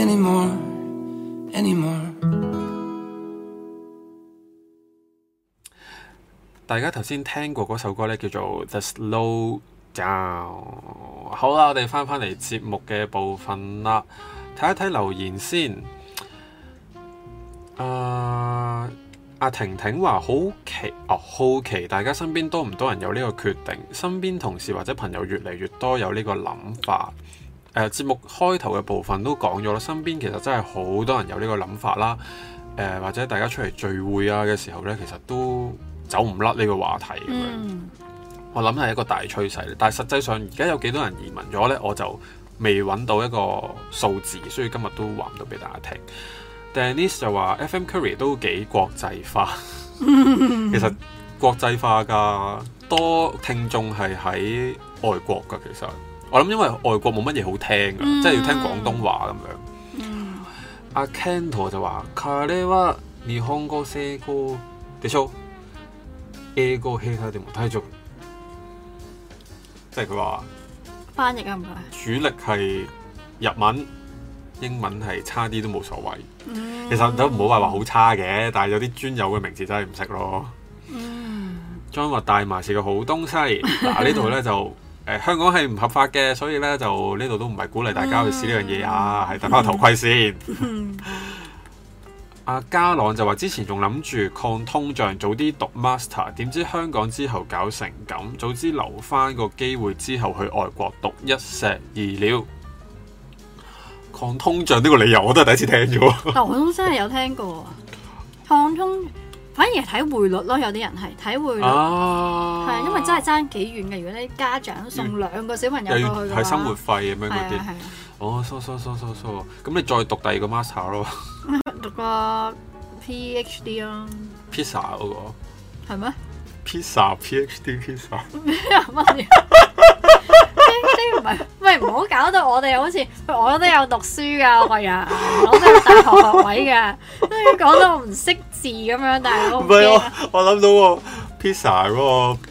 Anymore, anymore. 大家頭先聽過嗰首歌呢，叫做《The Slow Down》。好啦，我哋翻返嚟節目嘅部分啦，睇一睇留言先。阿阿婷婷話好奇哦，好奇大家身邊多唔多人有呢個決定？身邊同事或者朋友越嚟越多有呢個諗法。誒、呃、節目開頭嘅部分都講咗啦，身邊其實真係好多人有呢個諗法啦。誒、呃、或者大家出嚟聚會啊嘅時候呢，其實都走唔甩呢個話題咁樣。嗯、我諗係一個大趨勢，但係實際上而家有幾多人移民咗呢，我就未揾到一個數字，所以今日都話唔到俾大家聽。但 Denise, 就話 FM Curry 都幾國際化，其實國際化㗎，多聽眾係喺外國㗎，其實。我諗，因為外國冇乜嘢好聽㗎，嗯、即係要聽廣東話咁樣。阿、嗯、Ken 就話，卡利亞，你學過四個地操，英語聽得冇睇續。即係佢話，翻譯啊，唔該。主力係日文、英文係差啲都冇所謂。嗯、其實都唔好話話好差嘅，但係有啲專有嘅名字真係唔識咯。將話、嗯、帶埋是個好東西。嗱、 啊，呢度咧就。就誒、呃、香港係唔合法嘅，所以咧就呢度都唔係鼓勵大家去試呢樣嘢啊，係戴翻頭盔先。阿嘉、嗯嗯啊、朗就話之前仲諗住抗通脹，早啲讀 Master，點知香港之後搞成咁，早知留翻個機會之後去外國讀一石二鳥。抗通脹呢個理由我都係第一次聽咗。但我、嗯、我真係有聽過抗通。反而係睇匯率咯，有啲人係睇匯率，係啊，因為真係爭幾遠嘅。如果你家長送兩個小朋友去，睇生活費咁樣嗰啲，哦，收收收收收，咁、啊 oh, so, so, so, so, so. 你再讀第二個 master 咯，讀個 PhD 咯、哦，pizza 嗰、那個係咩嗎？pizza PhD pizza 咩啊？唔唔好搞到我哋好似我都有讀書㗎，我人我都有大學學位㗎，都要講到我唔識字咁樣，但係我唔係我我諗到個 pizza 嗰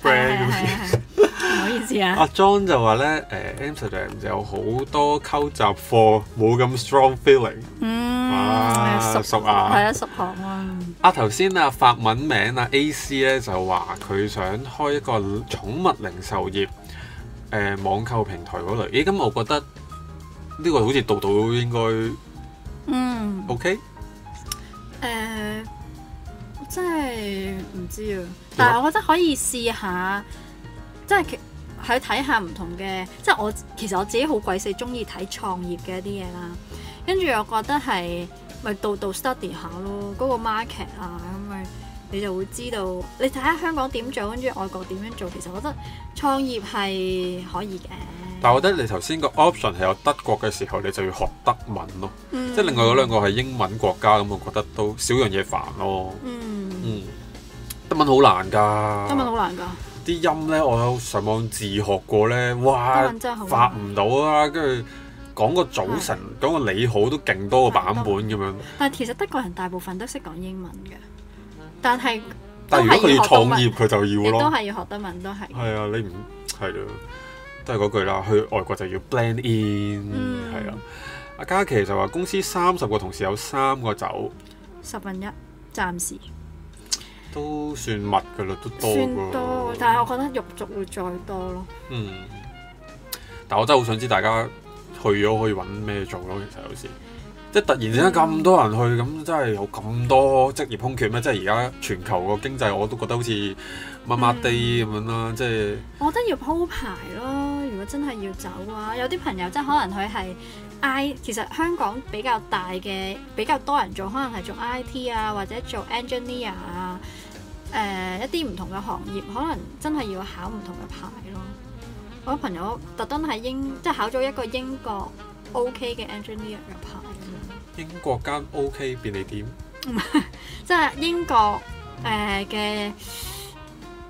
個 friend 好的似唔好意思啊。阿 John 就話咧，誒 Amsterdam 有好多溝雜貨，冇咁 strong feeling。嗯，熟熟啊，係啊，熟學啊。阿頭先啊，法文名啊 AC 咧就話佢想開一個寵物零售業。誒、呃、網購平台嗰類，咦咁我覺得呢個好似度度應該，嗯，OK，誒、呃，真係唔知啊，但係我覺得可以試下，即係喺睇下唔同嘅，即係我其實我自己好鬼死中意睇創業嘅一啲嘢啦，跟住我覺得係咪度度 study 下咯，嗰、嗰個 market 啊咁樣。你就會知道，你睇下香港點做，跟住外國點樣做。其實我覺得創業係可以嘅。但係我覺得你頭先個 option 係有德國嘅時候，你就要學德文咯。嗯、即係另外嗰兩個係英文國家，咁我覺得都少樣嘢煩咯。嗯，德文好難㗎。德文好難㗎。啲音咧，我有上網自學過咧，哇，發唔到啊！跟住講個早晨，講的個你好，都勁多個版本咁樣。的但係其實德國人大部分都識講英文嘅。但係，但係如果佢要創業，佢就要咯。都係要學德文，都係。係啊，你唔係咯，都係嗰句啦。去外國就要 blend in，係、嗯、啊。阿嘉琪就話公司三十個同事有三個走，十分一，暫時都算密嘅啦，都多。算多。但係我覺得陸續會再多咯。嗯。但我真係好想知大家去咗可以揾咩做咯？其實有時。即突然之間咁多人去，咁真係有咁多職業空缺咩？即係而家全球個經濟，我都覺得好似麻麻地咁樣啦。即係我覺得要鋪排咯。如果真係要走啊，有啲朋友即係可能佢係 I，其實香港比較大嘅比較多人做，可能係做 IT 啊，或者做 engineer 啊，誒、呃、一啲唔同嘅行業，可能真係要考唔同嘅牌咯。我朋友特登喺英，即係考咗一個英國。O.K. 嘅 engineer 嘅牌，英國間 O.K. 便利店，唔係即係英國誒嘅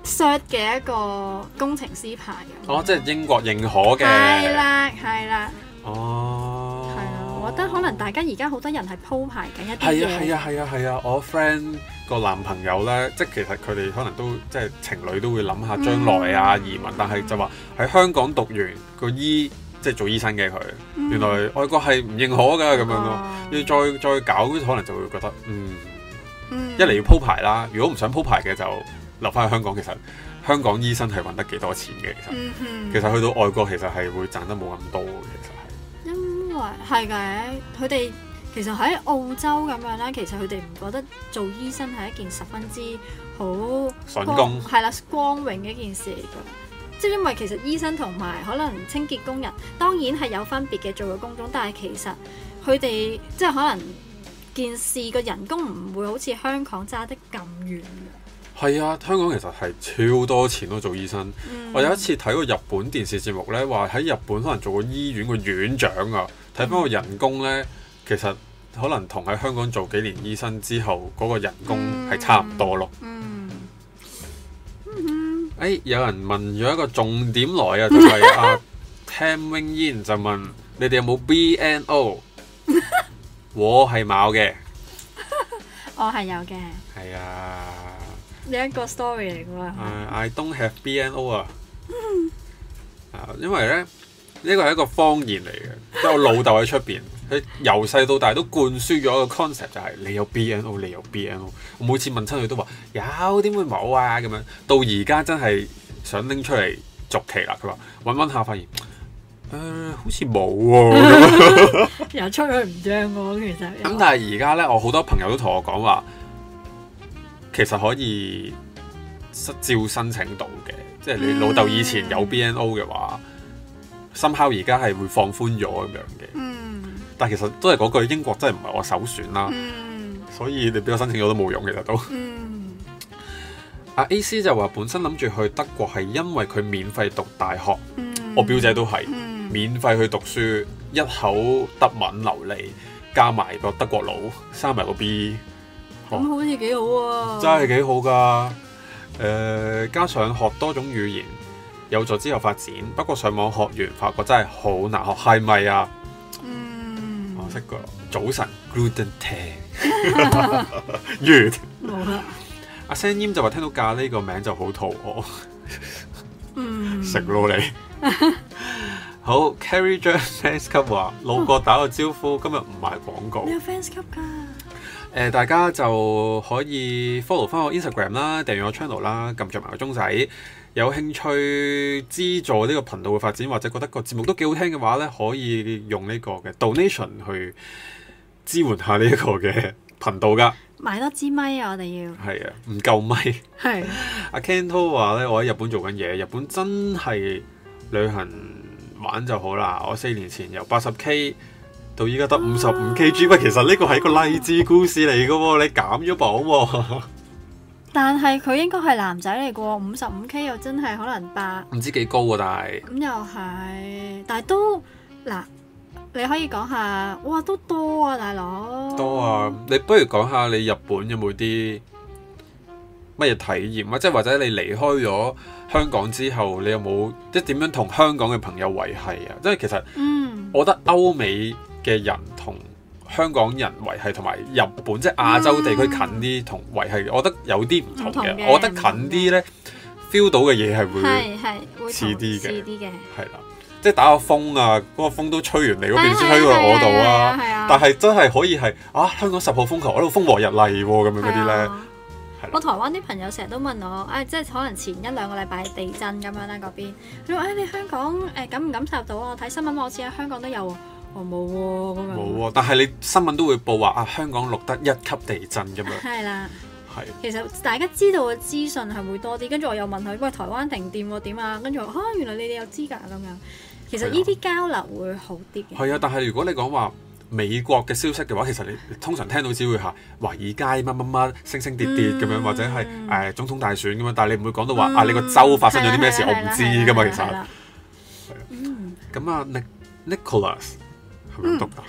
shirt 嘅一個工程師牌咁。哦，即係英國認可嘅，係啦，係啦。哦，係咯、啊，我覺得可能大家而家好多人係鋪排緊一啲嘅。係啊，係啊，係啊，係啊。我 friend 個男朋友咧，即係其實佢哋可能都即係情侶都會諗下將來啊移民，嗯、但係就話喺香港讀完個醫。即係做醫生嘅佢，嗯、原來外國係唔認可嘅咁樣咯。啊、要再再搞，可能就會覺得，嗯，嗯一嚟要鋪排啦。如果唔想鋪排嘅，就留翻去香港。其實香港醫生係揾得幾多錢嘅。其實、嗯嗯、其實去到外國其，其實係會賺得冇咁多嘅。其實係因為係嘅，佢哋其實喺澳洲咁樣咧，其實佢哋唔覺得做醫生係一件十分之好，筍工，係啦，光榮嘅一件事嚟嘅。即因為其實醫生同埋可能清潔工人，當然係有分別嘅做嘅工種，但係其實佢哋即係可能件事個人工唔會好似香港揸得咁遠嘅。係啊，香港其實係超多錢咯，做醫生。嗯、我有一次睇過日本電視節目呢，話喺日本可能做個醫院個院長啊，睇翻個人工呢，其實可能同喺香港做幾年醫生之後嗰個人工係差唔多咯。嗯嗯誒，有人問咗一個重點來啊，就係阿 Tam Wing Yin 就問你哋有冇 BNO？我係冇嘅，我係有嘅，係啊，一個 story 嚟嘅。誒，I don't have BNO 啊，啊，因為咧呢個係一個方言嚟嘅，即係我老豆喺出邊。佢由細到大都灌輸咗個 concept，就係你有 B N O，你有 B N O。我每次問親佢都話有，點會冇啊？咁樣到而家真係想拎出嚟續期啦。佢話搵搵下，找找找發現誒、呃，好似冇喎， 又出去唔正咯。其實咁，但係而家咧，我好多朋友都同我講話，其實可以失照申請到嘅，即係你老豆以前有 B N O 嘅話，somehow 而家係會放寬咗咁樣嘅。Mm. 但其實都係嗰句，英國真係唔係我首選啦，嗯、所以你俾我申請咗都冇用，其實都。阿 A C 就話本身諗住去德國係因為佢免費讀大學，嗯、我表姐都係、嗯、免費去讀書，一口德文流利，加埋個德國佬，生埋個 B，咁、哦嗯、好似幾好啊！真係幾好噶，誒、呃，加上學多種語言有助之後發展。不過上網學完發覺真係好難學，係咪啊？食個早晨，Guten Tag，完冇啦。阿聲謠就話聽到咖喱個名就好肚餓，食咯你。好，Curry Cheung Fans Club 話路過打個招呼，今日唔賣廣告。有 fans club 噶，誒，大家就可以 follow 翻我 Instagram 啦，訂閱我 channel 啦，撳著埋個鐘仔。有興趣資助呢個頻道嘅發展，或者覺得個節目都幾好聽嘅話呢，可以用呢個嘅 donation 去支援一下呢個嘅頻道㗎。買多支咪啊！我哋要係啊，唔夠咪。係的。阿 Ken To 話呢，我喺日本做緊嘢，日本真係旅行玩就好啦。我四年前由八十 K 到依家得五十五 K，G，不其實呢個係一個勵志故事嚟嘅喎，oh. 你減咗磅喎。但係佢應該係男仔嚟嘅喎，五十五 K 又真係可能八，唔知幾高喎，啊嗯，但係咁又係，但係都嗱，你可以講下，哇，都多啊，大佬多啊，你不如講下你日本有冇啲乜嘢體驗啊？即係或者你離開咗香港之後，你有冇即係點樣同香港嘅朋友維繫啊？即係其實，嗯，我覺得歐美嘅人同。香港人維係同埋日本即係亞洲地區近啲同、嗯、維係，我覺得有啲唔同嘅。同我覺得近啲咧，feel 到嘅嘢係會係係會似啲嘅，啲嘅係啦。即係打個風啊，嗰、嗰個風都吹完嚟嗰邊先喺過我度啊。但係是真係可以係啊，香港十號風球，我喺度風和日麗喎、啊，咁樣嗰啲咧。的的我台灣啲朋友成日都問我，誒、哎、即係可能前一兩個禮拜地震咁樣啦嗰邊，佢話誒你香港誒感唔感受到啊？我睇新聞我似喺香港都有。哦，冇喎，咁樣冇喎，但係你新聞都會報話啊，香港錄得一級地震咁樣，係啦，係。其實大家知道嘅資訊係會多啲，跟住我又問佢，喂，台灣停電喎，點啊？跟住嚇，原來你哋有資格咁樣。其實呢啲交流會好啲。係啊，但係如果你講話美國嘅消息嘅話，其實你通常聽到只會嚇華爾街乜乜乜升升跌跌咁樣，或者係誒總統大選咁樣，但係你唔會講到話啊，你個州發生咗啲咩事，我唔知㗎嘛，其實。係啊，咁啊，Nicholas。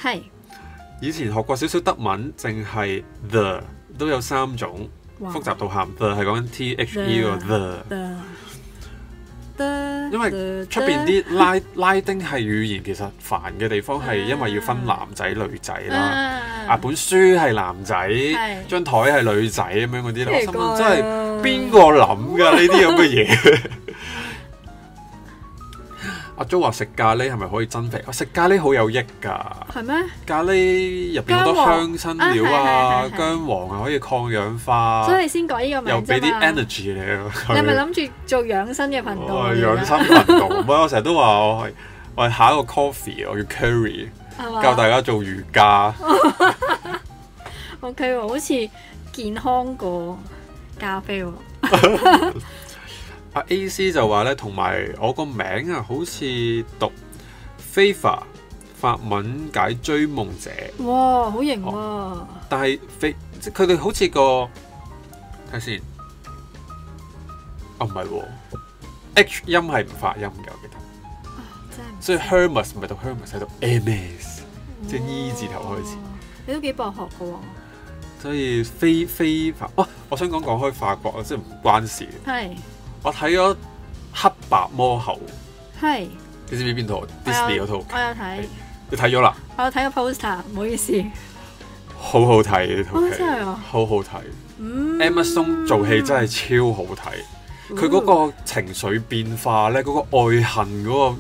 係，以前學過少少德文，淨係 the 都有三種，複雜到喊，係講緊 the，因為出邊啲拉拉丁系語言，其實煩嘅地方係因為要分男仔女仔啦，啊本書係男仔，張台係女仔咁樣嗰啲咯，真係邊個諗噶呢啲咁嘅嘢？阿 jo 話食咖喱係咪可以增肥？食、啊、咖喱好有益㗎。係咩嗎？咖喱入邊好多香辛料啊，薑黃啊，係係係係可以抗氧化。所以你先講呢個名。又俾啲 energy、啊、以你。你係咪諗住做養生嘅運動？我係養生運動啊！ 我成日都話我係我係下一個 coffee，我要 curry 吧教大家做瑜伽。 o、okay, K，好似健康過咖啡喎。 阿 A.C 就話咧，同埋我個名啊，好似讀 Favor，法文解追夢者，哇，好型喎、啊哦！但係即係佢哋好似個睇下先，哦唔係、哦，H 音係唔發音嘅，我記得，啊、所以 Hermes 唔係讀 Hermes，係讀 M.S，哇即係 E 字頭開始。你都幾博學嘅喎、哦。所以非飛法，Favor，哦，我想講講開法國啊，即係唔關事係。我睇咗黑白魔后，係你是知唔知邊套 Disney 嗰套？哎、呀我有睇、哎，你睇咗啦？我有睇個 poster，唔好意思，好好睇呢套劇，okay, 真好好睇。Emma Stone 做戲真係超好睇，佢嗰、嗯、個情緒變化咧，嗰、嗯、個愛恨嗰、那個，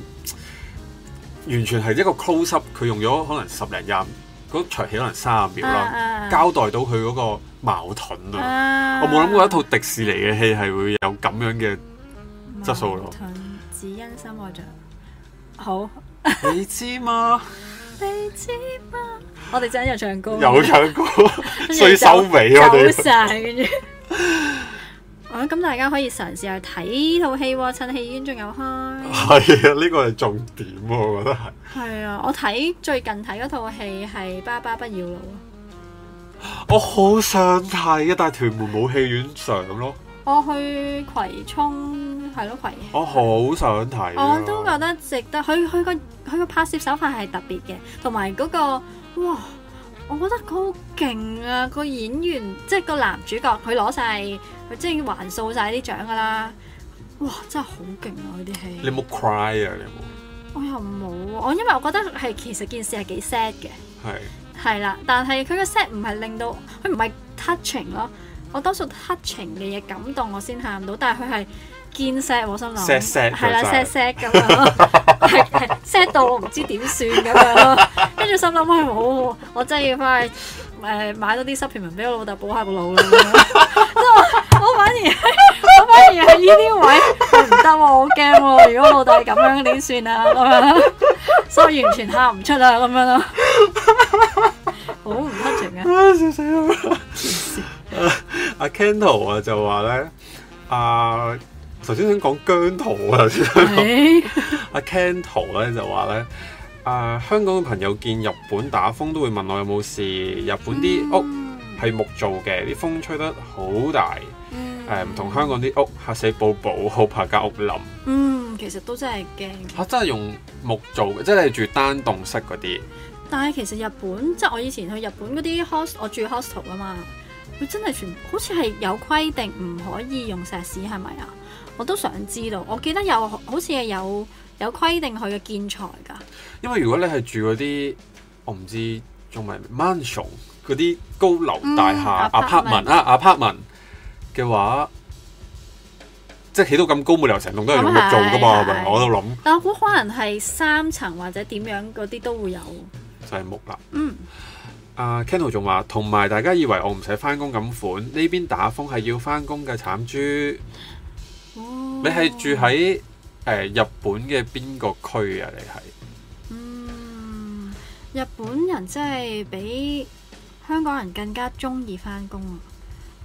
完全係一個 close up，佢用咗可能十日音。嗰場戲可能三十秒啦，交代到佢嗰個矛盾啊！我冇諗過一套迪士尼嘅戲係會有咁樣嘅質素咯。矛盾，只因心愛着。好，你知嗎？你知嗎？我哋真係要唱歌，又要唱歌，衰收尾我哋。好曬，跟住。我諗咁大家可以嘗試去睇套戲喎，趁戲院仲有開。係啊，呢個係重點喎，我覺得係。係啊，我睇最近睇嗰套戲係《爸爸不要老》。我好想睇嘅，但係屯門冇戲院上咯。我去葵涌係咯，葵。我好想睇。我都覺得值得，佢佢個佢個拍攝手法係特別嘅，同埋嗰個哇，我覺得佢好勁啊！個演員即係、就是、個男主角，佢攞晒佢即係橫掃晒啲獎㗎啦。哇！真係好勁啊！嗰啲戲你冇 cry 啊！你冇。我又冇，我因為我覺得係其實件事係幾 sad 嘅，係啦是，但係佢個 sad 唔係令到佢唔係 touching 咯，我多數 touching 嘅嘢感動我先喊到，但係佢係堅 sad。我心諗，係啦 sad sad 咁樣 sad 到我唔知點算咁樣，跟住心諗我冇，我真係要翻去。誒、呃、買多啲 supplement 俾我老豆補下個腦咯，即係我反而我反而係呢啲位唔得喎，我好驚喎、啊啊！如果老豆係咁樣點算啊？咁樣，所以完全喊唔出啊！咁樣咯，好唔出情嘅。笑死阿 Kento 啊，就話咧，啊，頭先想講姜濤啊，阿 Kento 咧就話咧。啊！Uh, 香港嘅朋友見日本打風都會問我有冇事。日本啲屋係木造嘅，啲、嗯、風吹得好大。誒、嗯，唔同、uh, 香港啲屋嚇死寶寶，好怕間屋冧。嗯，其實都真係驚。嚇、啊，真係用木造嘅，即係你住單棟式嗰啲。但係其實日本，即係我以前去日本嗰啲 host 我住 hostel 啊嘛，佢真係全好似係有規定唔可以用石屎係咪啊？我都想知道。我記得有好似係有。有規定佢嘅建材㗎。因為如果你係住嗰啲，我唔知中文 mansion 嗰啲高樓大廈、嗯、apartment apartment 啊、apartment 嘅話，即係起到咁高，冇理由成棟都係用木做㗎噃。我都諗。但我估可能係三層或者點樣嗰啲都會有。就係木立。嗯。啊 Kenel 仲話，同埋大家以為我唔使翻工咁款，呢邊打風係要翻工嘅，慘豬。嗯、你係住喺？誒日本嘅邊個區啊？你係嗯，日本人真係比香港人更加中意翻工啊！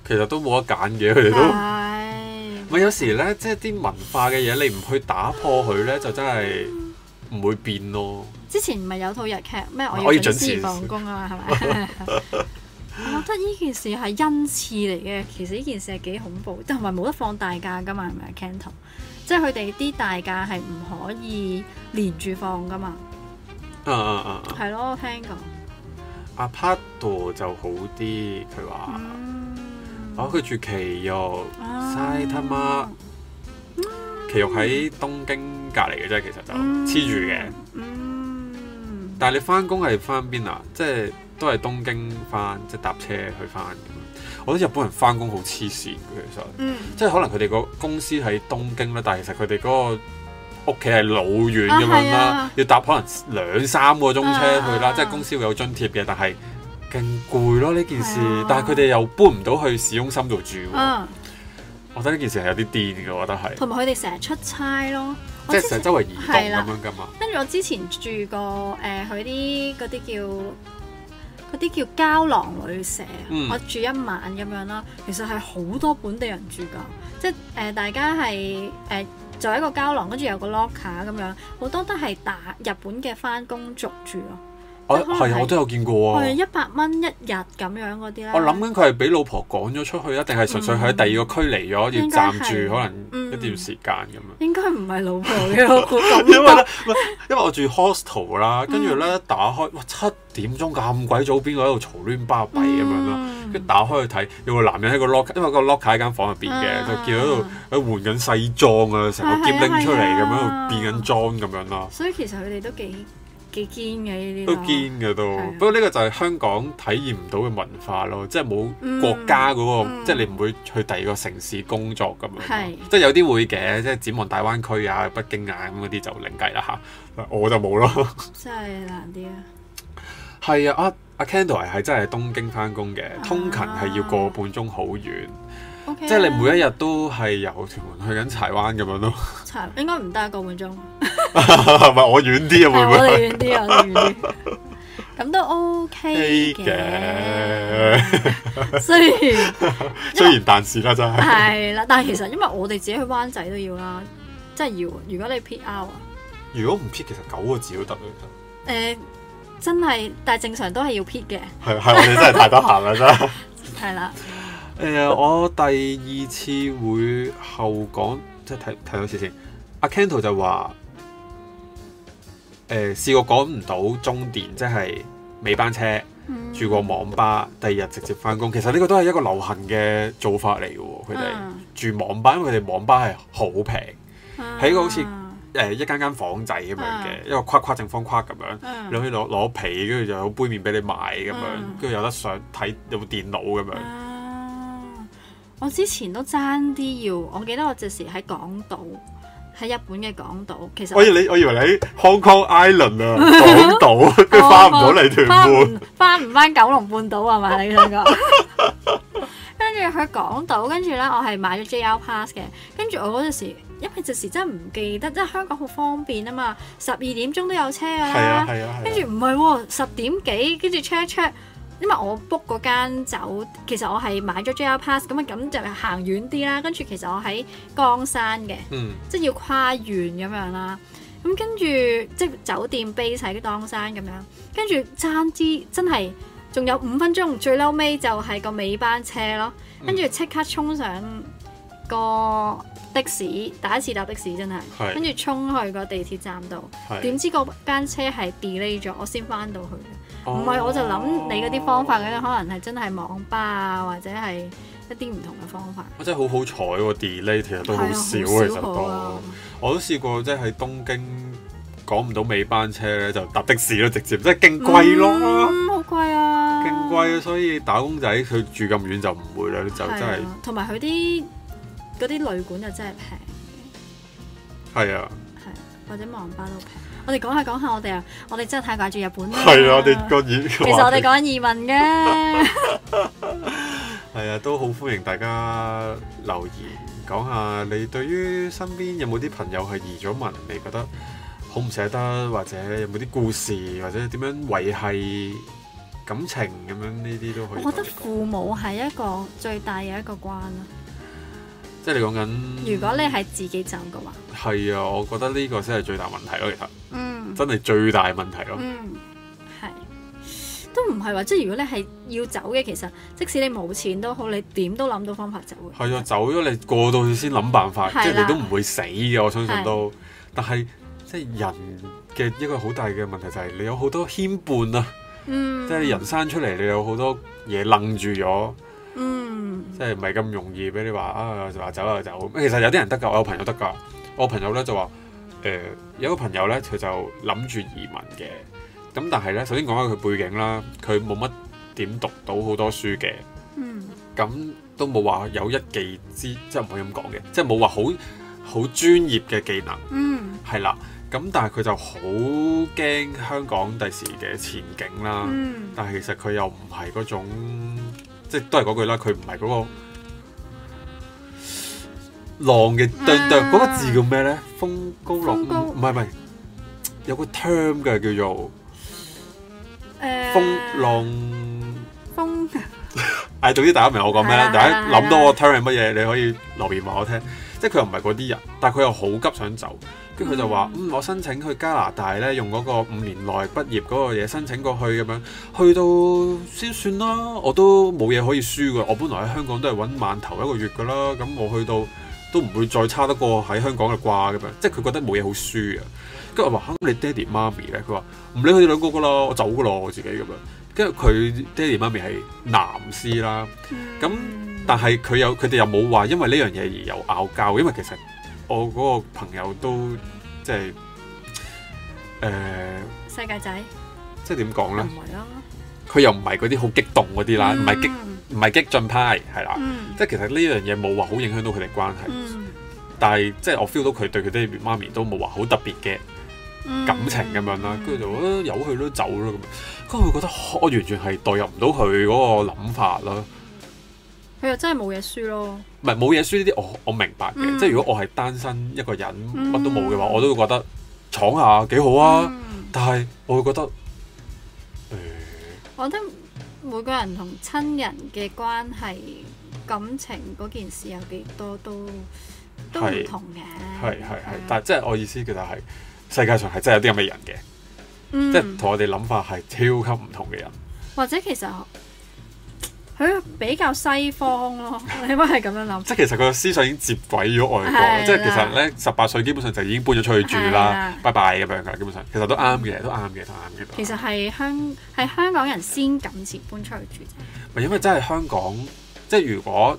其實都冇得揀嘅，佢哋都係咪有時咧？即係啲文化嘅嘢，你唔去打破佢咧，就真係唔會變咯。之前唔係有套日劇咩？我要準時准放工啊嘛？係咪是？我覺得呢件事係恩賜嚟嘅。其實呢件事係幾恐怖，但係冇得放大假㗎嘛，係咪 Canton 即係佢哋啲大假係唔可以連住放噶嘛？啊啊、uh, uh, uh, uh. 啊！係咯，聽講。阿 part 二就好啲，佢話：嗯、哦，佢住埼玉，Saitama！埼玉喺東京隔離嘅啫，其實就黐住嘅。嗯。但係你翻工係翻邊啊？即係都係東京翻，即係搭車去翻。我覺得日本人翻工好黐線嘅，其實，嗯、即係可能佢哋個公司喺東京啦，但係其實佢哋嗰個屋企係老遠咁樣啦，啊啊、要搭可能兩三個鐘車去啦，啊、即係公司會有津貼嘅，但係勁攰咯呢件事，啊、但係佢哋又搬唔到去市中心度住，啊我。我覺得呢件事係有啲癲嘅，我覺得係。同埋佢哋成日出差咯，即係成日周圍移動咁樣噶嘛。跟住、啊、我之前住過誒，佢啲嗰啲叫，嗰啲叫膠囊旅社，嗯、我住一晚咁樣啦，其實係好多本地人住噶，即係誒、呃、大家係作為一個膠囊，跟住有個 locker 咁樣，好多都係打日本嘅翻工族住咯。我係啊！我都有見過啊！係一百蚊一日咁樣嗰啲咧。我諗緊佢係俾老婆趕咗出去，定係純粹喺第二個區嚟咗要暫住，可能一段時間咁樣。應該唔係老婆嘅，因為咧，因為我住 hostel 啦，跟住咧打開，哇七點鐘咁鬼早，邊個喺度嘈亂巴閉咁樣啦？跟住打開去睇，有個男人喺個 locker，因為個 locker 喺間房入邊嘅，就見到喺度喺換緊西裝啊，成個劍拎出嚟咁樣變緊裝咁樣啦。所以其實佢哋都幾～幾堅嘅，呢啲都堅嘅都，啊、不過呢個就係香港體驗唔到嘅文化咯，即係冇國家嗰、嗰個，嗯嗯、即係你唔會去第二個城市工作咁樣，是即係有啲會嘅，即係展望大灣區啊、北京啊咁嗰啲就另計啦嚇，我就冇咯，真係難啲啊！係 啊，阿阿 Kendall 係真係東京翻工嘅，啊、通勤係要個半鐘好遠。即係你每一日都係由屯門去緊柴灣咁樣咯，柴應該唔得一個半鐘，係咪？我遠啲啊，會唔會？我哋遠啲啊，我哋遠啲，咁都 OK 嘅。雖然雖然，但是啦，真係係啦，但係其實因為我哋自己去灣仔都要啦，真係要。如果你撇 out，啊，如果唔撇，其實九個字都得啦，得。誒，真係，但係正常都係要撇嘅。係係，我哋真係太得閒啦，真係啦。誒、哎，我第二次會後講，即係睇提兩次先。阿 Canto 就話誒、呃、試過趕唔到中電，即係尾班車住過網吧，第二日直接翻工。其實呢個都係一個流行嘅做法嚟嘅喎。佢哋住網吧，因為佢哋網吧係好平，喺個好似誒、呃、一間間房仔咁樣嘅、啊、一個框框正方框咁樣，你可以攞攞被，跟住就有杯麵俾你買咁樣，跟住有得上睇有部電腦咁樣。我之前都爭啲要，我記得我嗰陣時喺港島，喺日本嘅港島，其實我以你我以為你 Hong Kong Island 啊，港島，跟住翻唔到嚟屯門，翻唔翻九龍半島啊嘛？你兩個，跟住去港島，跟住咧我係買咗 JR Pass 嘅，跟住我嗰陣時，因為嗰陣時真係唔記得，即係香港好方便啊嘛，十二點鐘都有車㗎喇，係啊係啊，啊啊跟住唔係喎，十點幾跟住 check 一 check。因為我 book 嗰間酒，其實我係買咗 JR pass，咁啊咁就行遠啲啦。跟住其實我喺江山嘅、嗯，即係要跨縣咁樣啦。咁跟住即係酒店 base 喺啲江山咁樣，跟住爭啲真係仲有五分鐘，最嬲尾就係個尾班車咯。跟住即刻衝上個的士，嗯、第一次搭的士真係，跟住是 衝去個地鐵站度。點是 知個間車係 delay 咗，我先翻到去。唔係、哦，我就諗你嗰啲方法咧，可能係真係網吧啊，或者係一啲唔同嘅方法。我真係好好彩喎，delay 其實都好少其、啊啊、就多。我都試過即係喺東京趕唔到尾班車咧，就搭的士咯，直接即係勁貴咯。嗯，好貴啊。勁、嗯貴，啊、貴啊，所以打工仔佢住咁遠就唔會啦，就真係。同埋佢啲嗰啲旅館就真係平。係啊。係、啊。或者網吧都平。我哋講下講下，我哋啊，我哋真係太掛住日本啦。係啊，我哋個其實我哋講移民嘅。係 啊，都好歡迎大家留言講下，說說你對於身邊有冇啲朋友係移咗民，你覺得好唔捨得，或者有冇啲故事，或者點樣維繫感情咁樣呢？啲都可以。我覺得父母係一個最大嘅一個關啊。即係你講緊，如果你係自己走嘅話，係啊，我覺得呢個先係最大問題咯。啊，其實，嗯，真係最大問題咯。啊，嗯，係都唔係話即係，如果你係要走嘅，其實即使你冇錢都好，你點都諗到方法走嘅。係啊，走咗你過到去先諗辦法，即係、啊、你都唔會死嘅，我相信、啊、都。但係即係人嘅一個好大嘅問題就係、是、你有好多牽絆啊，嗯，即係人生出嚟你有好多嘢楞住咗。嗯，即係唔係咁容易俾你話啊，就話走啊走啊。其實有啲人得㗎，我有朋友得㗎。我有朋友咧就話，誒、呃，有個朋友咧，佢就諗住移民嘅。咁但係咧，首先講下佢背景啦，佢冇乜點讀到好多書嘅。嗯。咁都冇話有一技之，即係唔可以咁講嘅，即係冇話好好專業嘅技能。嗯。係啦，咁但係佢就好驚香港第時嘅前景啦。嗯、但係其實佢又唔係嗰種。即係都係嗰句啦，佢唔係嗰個浪嘅，對對、啊，嗰個字叫咩咧？風高浪，唔係，唔係，有個 term 嘅叫做誒風浪、啊、風。係 總之大家明我講咩啦，啊、大家諗到個 term 係乜嘢，啊啊、你可以留言話我聽。即係佢又唔係嗰啲人，但係佢又好急想走。跟住佢就話：嗯，我申請去加拿大咧，用嗰個五年內畢業嗰個嘢申請過去咁樣，去到先算啦。我都冇嘢可以輸噶。我本來喺香港都係揾萬頭一個月噶啦，咁我去到都唔會再差得過喺香港嘅掛咁樣。即係佢覺得冇嘢好輸啊。跟住我話：你爹哋媽咪咧？佢話唔理佢哋兩個噶囉，我走噶囉，我自己咁樣。跟住佢爹哋媽咪係男士啦，咁但係佢有佢哋又冇話，因為呢樣嘢而有拗交，因為其實。我嗰個朋友都即係誒，呃、世界仔，即係點講咧？唔係咯，佢又唔係嗰啲好激動嗰啲啦，唔係、嗯、激唔係激進派係啦，嗯、即係其實呢樣嘢冇話好影響到佢哋關係，嗯、但係即係我 feel 到佢對佢爹媽咪都冇話好特別嘅感情咁樣、嗯啊、啦，跟住就誒由佢都走咯咁，因為佢覺得我完全係代入唔到佢嗰個諗法咯。佢、嗯、又真係冇嘢輸咯。唔係冇嘢輸呢啲，我我明白嘅。嗯、即係如果我係單身一個人，乜、嗯、都冇嘅話，我都會覺得闖下幾好啊。嗯、但係我會覺得，欸、我覺得每個人同親人嘅關係、感情嗰件事有幾多都都唔同嘅。係係係，嗯、但係即係我意思，其實係世界上係真係有啲咁嘅人嘅，嗯、即係同我哋諗法係超級唔同嘅人。或者其實。佢比較西方咯，你咪係咁樣諗？ 即係其實佢嘅思想已經接軌咗外國，的即係其實咧，十八歲基本上就已經搬咗出去住啦，的拜拜咁樣嘅，基本上其實都啱嘅，都啱嘅，都啱嘅。其實係香係香港人先敢前搬出去住啫。唔係因為真係香港，即、就、係、是、如果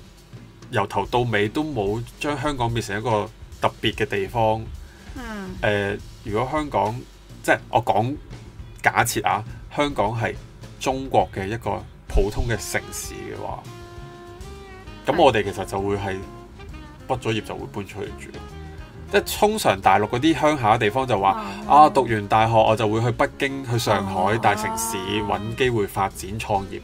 由頭到尾都冇將香港變成一個特別嘅地方。嗯的。誒、呃，如果香港即係我講假設啊，香港係中國嘅一個，普通嘅城市嘅話，咁我哋其實就會係畢咗業就會搬出去住。即係通常大陸嗰啲鄉下地方就話、嗯、啊，讀完大學我就會去北京、去上海大城市揾機、嗯、會發展創業。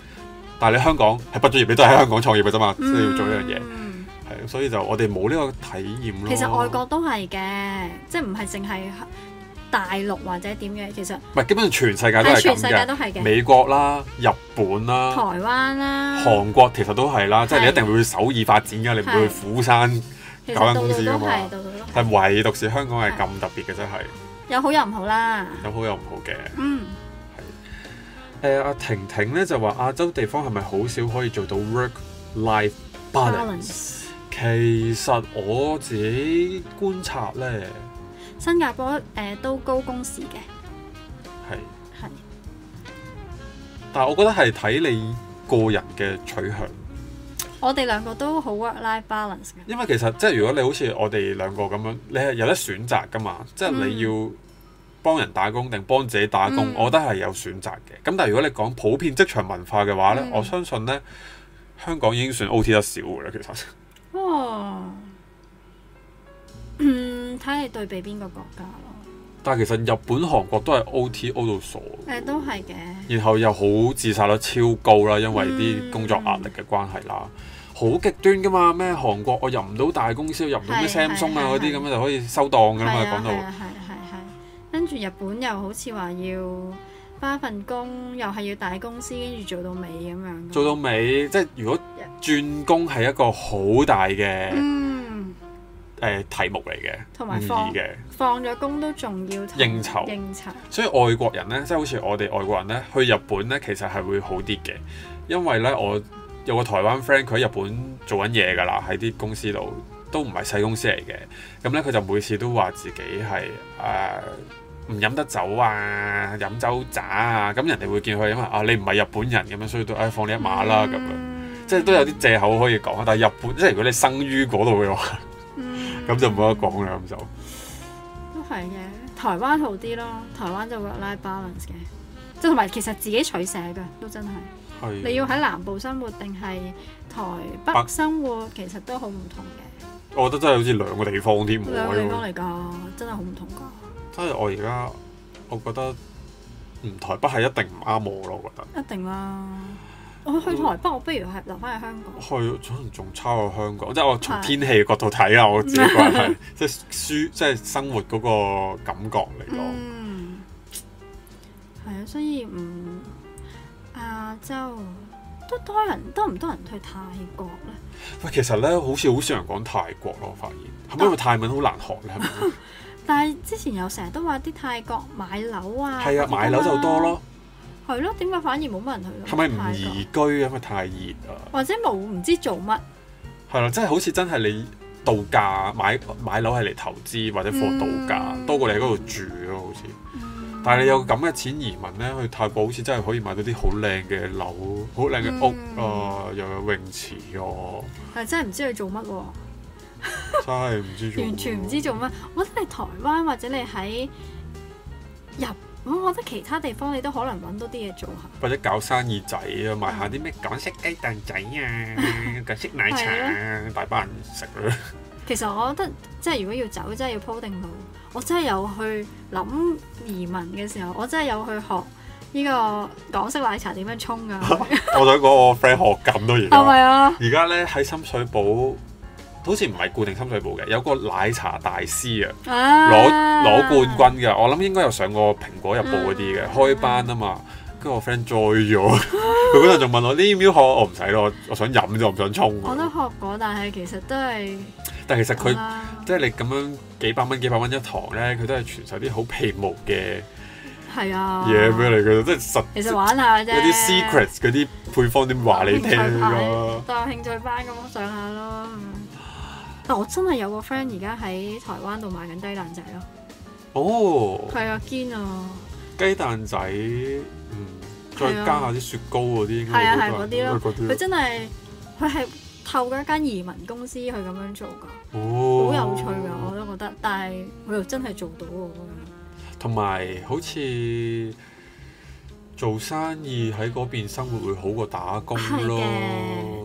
但係你香港係畢咗業，你都喺香港創業嘅啫嘛，都要做一樣嘢。係，所以就我哋冇呢個體驗咯。其實外國都係嘅，即係唔係淨係。大陸或者點嘅，其實唔係基本上全世界都係咁嘅。美國啦、日本啦、台灣啦、韓國其實都係啦，即係你一定會去首爾發展㗎，你唔會去釜山搞間公司㗎嘛。但唯獨是香港係咁特別嘅，真係。有好有唔好啦，有好有唔好嘅。嗯，係。誒，阿婷婷咧就話亞洲地方係咪好少可以做到 work-life balance？其實我自己觀察咧。新加坡誒、呃、都高工時嘅，係係是，是但係我覺得係睇你個人嘅取向。我哋兩個都好 work-life balance 嘅。因為其實即係如果你好似我哋兩個咁樣，你係有得選擇噶嘛，即係、嗯、你要幫人打工定幫自己打工，嗯、我覺得係有選擇嘅。咁但係如果你講普遍職場文化嘅話咧，嗯、我相信咧香港已經算 O T 得少嘅啦，其實。哦。嗯，睇你對比邊個國家咯。但係其實日本、韓國都係 OT O 到傻。誒、嗯，都係嘅。然後又好自殺率超高啦，因為啲工作壓力嘅關係啦，好極端噶嘛。咩韓國我入唔到大公司，入唔到啲 Samsung 啊嗰啲咁樣就可以收檔咁嘛。講到。係係係。跟住日本又好似話要花份工，又係要大公司跟住做到尾咁樣，樣。做到尾，即係如果轉工係一個好大嘅。嗯係題目嚟嘅，同埋易嘅。放咗工都仲要應酬應酬，所以外國人咧，即、就、係、是、好似我哋外國人咧，去日本咧，其實係會好啲嘅，因為咧我有個台灣 friend，佢喺日本做緊嘢㗎啦，喺啲公司度都唔係細公司嚟嘅。咁咧佢就每次都話自己係誒唔飲得酒啊，飲酒渣啊，咁、啊嗯、人哋會見佢因為啊，你唔係日本人咁樣，所以都誒、哎、放你一馬啦咁、嗯、樣，即係都有啲借口可以講。但係日本即係如果你生於嗰度嘅話。 嗯，咁就冇得講啦咁就，嗯、首都係嘅，台灣好啲咯，台灣就 work life balance 嘅，即係同埋其實自己取捨嘅，都真係。係的。你要喺南部生活定係台北生活，北其實都好唔同嘅。我覺得真係好似兩個地方添。兩個地方嚟噶，真係好唔同噶。真係我而家，我覺得，唔台北係一定唔啱我咯，我覺得。一定啦。我去台北，我不如係留翻去香港。去，可能仲差過香港，即係我從天氣角度睇啊，的我自己個人係 即係舒，即係生活嗰個感覺嚟講，嗯。嗯，係啊，所以唔亞洲都多人，多唔多人去泰國咧？喂，其實咧，好似好少人講泰國咯，我發現係咪因為泰文好難學咧？係咪 但係之前又成日都話啲泰國買樓啊，係啊的，的買樓就多咯。係咯，點解反而冇乜人去？係咪唔宜居啊？因為太熱啊！或者冇唔知做乜？係咯，即係好似真係你度假買買樓係嚟投資或者放度假，嗯，多過你喺嗰度住咯，啊，好似。嗯，但係你有咁嘅錢移民咧，去泰國好似真係可以買到啲好靚嘅樓，好靚嘅屋啊，嗯，又有泳池喎，啊。係真係唔知去做乜喎，啊！ 真係唔知做， 完全唔知做乜。我覺得你台灣或者你喺日。入我覺得其他地方你都可能揾到啲嘢做下，或者搞生意仔啊，賣下啲咩港式雞蛋仔啊、 港式奶茶啊， 大班人食咯。其實我覺得即係如果要走，真係要鋪定路。我真係有去諗移民嘅時候，我真係有去學呢個港式奶茶點樣沖噶、啊。 我想講我 friend 學咁多嘢。家。 係咪啊？而家咧喺深水埗。好似唔係固定深水埗嘅，有個奶茶大師啊，攞攞冠軍㗎，我諗應該有上過蘋果日報嗰啲嘅，嗯、開班啊嘛，跟住我 friend join 咗，佢嗰陣仲問我：呢啲要學，我唔使咯，我想飲就唔想沖。我都學過，但係其實都係，但係其實佢即係你咁樣幾百蚊幾百蚊一堂咧，佢都係傳授啲好皮毛嘅，係啊嘢俾你嘅，即係實。其實玩下啫，有啲 secret 嗰啲配方點話你聽咯，當興趣班咁上下咯。但我真係有個 friend 而家喺台灣度買緊雞蛋仔咯。哦，係啊，堅啊！雞蛋仔，嗯，再加下啲雪糕嗰啲，係啊係嗰啲咯。佢真係佢係透過一間移民公司去咁樣做噶。哦，好有趣㗎！我都覺得，但係我又真係做到喎。同埋好似。做生意喺嗰邊生活會好過打工咯，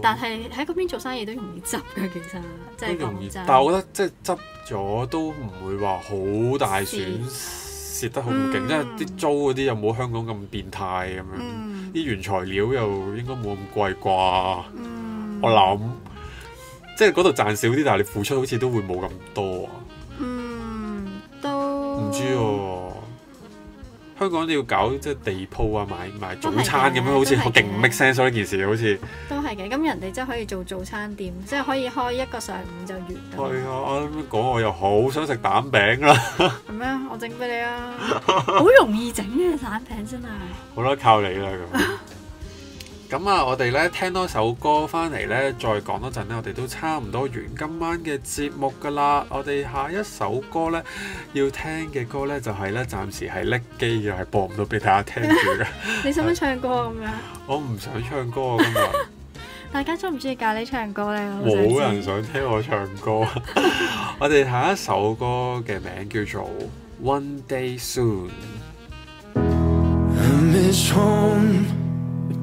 但係喺嗰邊做生意都容易執㗎，其實真係容易。際但係我覺得即係執咗都唔會話好大損蝕駛得好勁，即係啲租嗰啲又冇香港咁變態咁樣，啲、嗯、原材料又應該冇咁貴啩。嗯、我諗即係嗰度賺少啲，但係你付出好似都會冇咁多啊。嗯，都唔知哦、啊。香港都要搞即係地鋪啊，買埋早餐咁樣像，好似好勁 make sense 呢件事好似都係嘅。咁人哋真係可以做早餐店， 即係可以開一個上午就完。係啊、哎，我咁講我又好想食蛋餅啦。係 咩？我整俾你 啊！好容易整嘅蛋餅真係。 好啦，靠你啦咁。 咁啊，我哋咧聽多首歌翻嚟咧，再講多陣咧，我哋都差唔多完今晚嘅節目噶啦。我哋下一首歌咧要聽嘅歌咧就係、是、咧，暫時係搦機又係播唔到俾大家聽住嘅。你想唔想唱歌啊？咁樣？我唔想唱歌啊！今日 大家中唔中意咖喱唱歌咧？冇人想聽我唱歌 我哋下一首歌嘅名叫做 One Day Soon。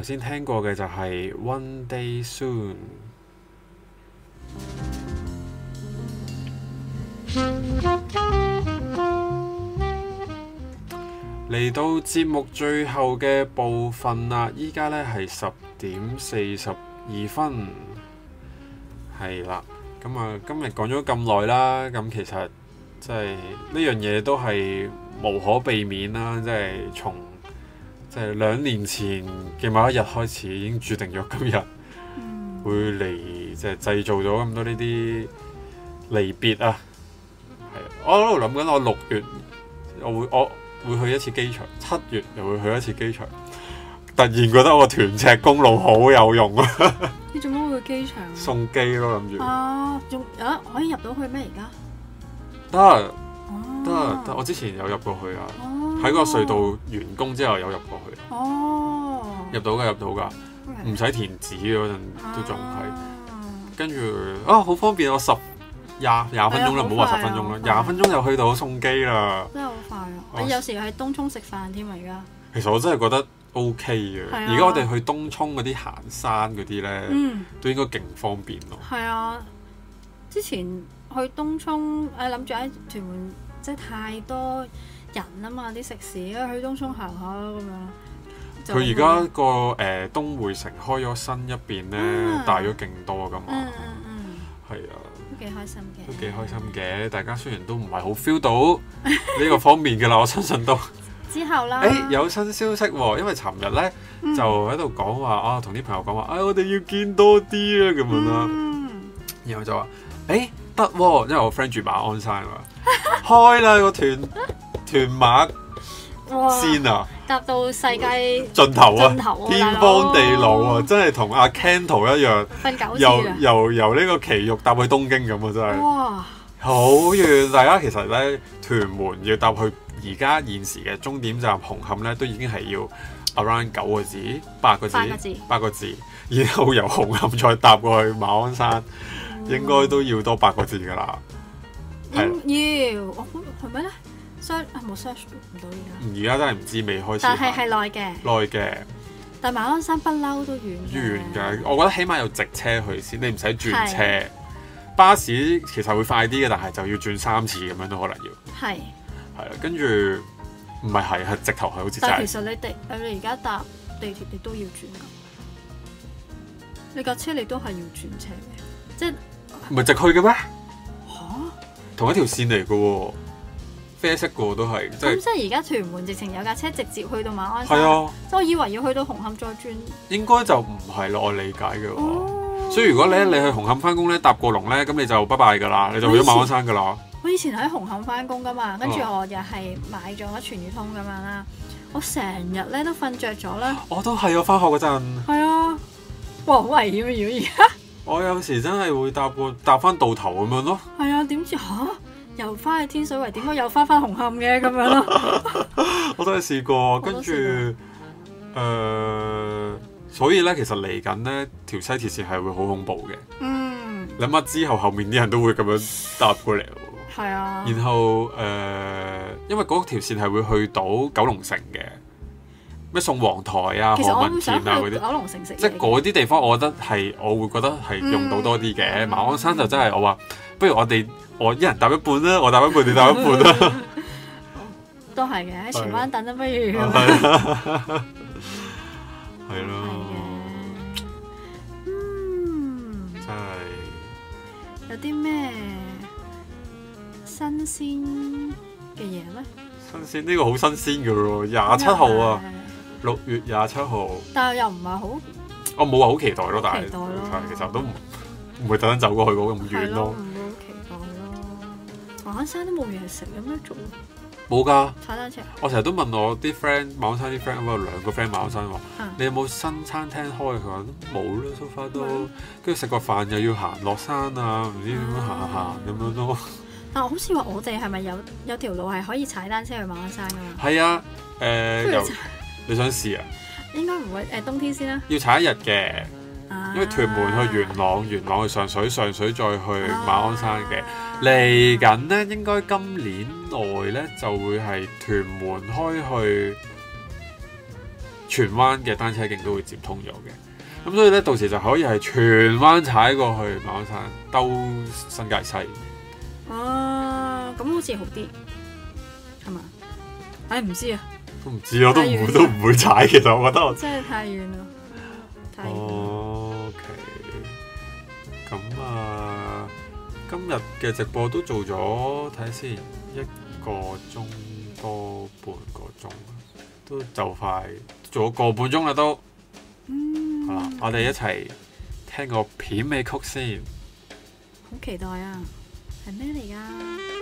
頭先聽過嘅就係 One Day Soon，嚟到節目最後嘅部分啦。依家呢係十點四十二分，係啦。咁啊，今日講咗咁耐啦，咁其實即係呢樣嘢都係無可避免啦，即係從，兩年前嘅某一日開始，已經注定咗今日、嗯、會嚟，即係製造咗咁多呢啲離別啊。係啊，我喺度諗緊，我六月我會我會去一次機場，七月又會去一次機場。突然覺得我屯赤公路好有用啊 ！你做乜會去機場？送機咯，諗住、啊。啊，仲啊可以入到去咩？而家得得得，我之前有入過去啊，喺個隧道完工之後有入過。哦、oh.，入到噶入到噶，唔使 填紙嗰陣都仲係，ah. 跟住啊好方便咯，十廿廿分鐘就唔好話十分鐘啦，廿、啊、分鐘就去到送機啦，真係好快啊！我有時喺東涌食飯添啊，而家。其實我真係覺得 OK 嘅，而家的我哋去東涌嗰啲行山嗰啲咧，嗯、都應該勁方便咯。係啊，之前去東涌誒，諗住喺屯門，即係太多人啊嘛，啲食肆，去東涌行下咁樣。佢而家個誒東匯城開咗新一邊咧，嗯、大咗勁多㗎嘛，係、嗯嗯、啊，都幾開心嘅，都幾開心嘅。大家雖然都唔係好 feel 到呢個方面嘅啦， 我相信都之後啦。誒、欸、有新消息喎、哦，因為尋日咧就喺度講話啊，同啲朋友講話，哎，我哋要見多啲啊咁樣。嗯，然後就話，誒、欸、得、哦，因為我 friend 住馬鞍山啊嘛，開啦個團 團馬。先啊！搭到世界盡頭啊！盡頭啊！天荒地老啊！真係同阿 Canto 一樣，又又由呢個埼玉搭去東京咁啊！真係哇，好遠！大家其實咧，屯門要搭去而家現時嘅終點站紅磡咧，都已經係要 around 九個字，八個字，八個字，然後由紅磡再搭過去馬鞍山，應該都要多八個字㗎啦。要係咩咧？冇 search 唔到而家。而家真係唔知未開始。但係係耐嘅。耐嘅的。但馬鞍山不嬲都遠。遠嘅，我覺得起碼要直車去先，你唔使轉車。的巴士其實會快啲嘅，但係就要轉三次咁樣都可能要。係的。係啦，跟住唔係係係直頭係好似。但係其實你哋，誒，你而家搭地鐵你，你都要轉噶。你架車你都係要轉車嘅，即係唔係直去嘅咩？啊，同一條線嚟嘅喎。啡色噶都係，即係咁即係而家屯門直情有架車直接去到馬鞍山，係啊，即係我以為要去到紅磡再轉，應該就唔係咯，我理解嘅，所以如果你你去紅磡翻工咧，搭過龍咧，咁你就拜拜噶啦，你就去咗馬鞍山噶啦。我以前喺紅磡翻工噶嘛，跟住我又係買咗全日通咁樣啦，我成日咧都瞓着咗啦。我都係我翻學嗰陣，係啊，哇，好危險啊！妖而家，我有時真係會搭過搭翻到頭咁樣咯，係啊，點知吓？又翻去天水圍，點解又翻翻紅磡嘅咁樣咯、啊？ 我都係試過， 跟住誒，所以咧，其實嚟緊咧條西鐵線係會好恐怖嘅。嗯，諗下之後後面啲人都會咁樣搭過嚟喎。係啊，然後誒、呃，因為嗰條線係會去到九龍城嘅。咩宋皇台啊、何文田啊嗰啲，九龍城即係嗰啲地方，我覺得係我會覺得係用到多啲嘅。嗯嗯、馬鞍山就真係我話，不如我哋我一人搭一半啦，我搭一半、嗯、你搭一半啦、啊。嗯、都係嘅，喺荃灣等啦，不如係咯。真係有啲咩新鮮嘅嘢咩？新鮮呢、呢個好新鮮嘅咯，廿七號啊！六月廿七號，但係又唔係好，我冇話好期待咯，但係其實都唔唔會特登走過去咁遠咯。好期待咯，馬鞍山都冇嘢食，有咩做？冇噶踩單車。我成日都問我啲 friend，馬鞍山啲 friend，我有兩個 friend 馬鞍山，你有冇新餐廳開？佢話冇啦，so far 都，跟住食個飯又要行落山啊，唔知點樣行行咁樣咯。但係好似話我哋係咪有有條路係可以踩單車去馬鞍山噶嘛？係啊，誒。你想試啊？應該唔會誒、呃，冬天先啦、啊。要踩一日嘅，啊、因為屯門去元朗，元朗去上水，上水再去馬鞍山嘅。嚟緊、啊、呢，應該今年內呢就會係屯門開去荃灣嘅單車徑都會接通咗嘅。咁所以呢，到時就可以係荃灣踩過去馬鞍山兜新界西。啊，咁好似好啲，係嘛？唉，唔知啊。都唔知我都唔都唔會踩，其實我覺得我真係太遠啦。OK，咁啊，今日嘅直播都做咗，睇下先一個鐘多半個鐘，都就快都做咗個半鐘啦都。嗯，好啦，嗯，我哋一齊聽個片尾曲先。好期待啊！係咩嚟㗎？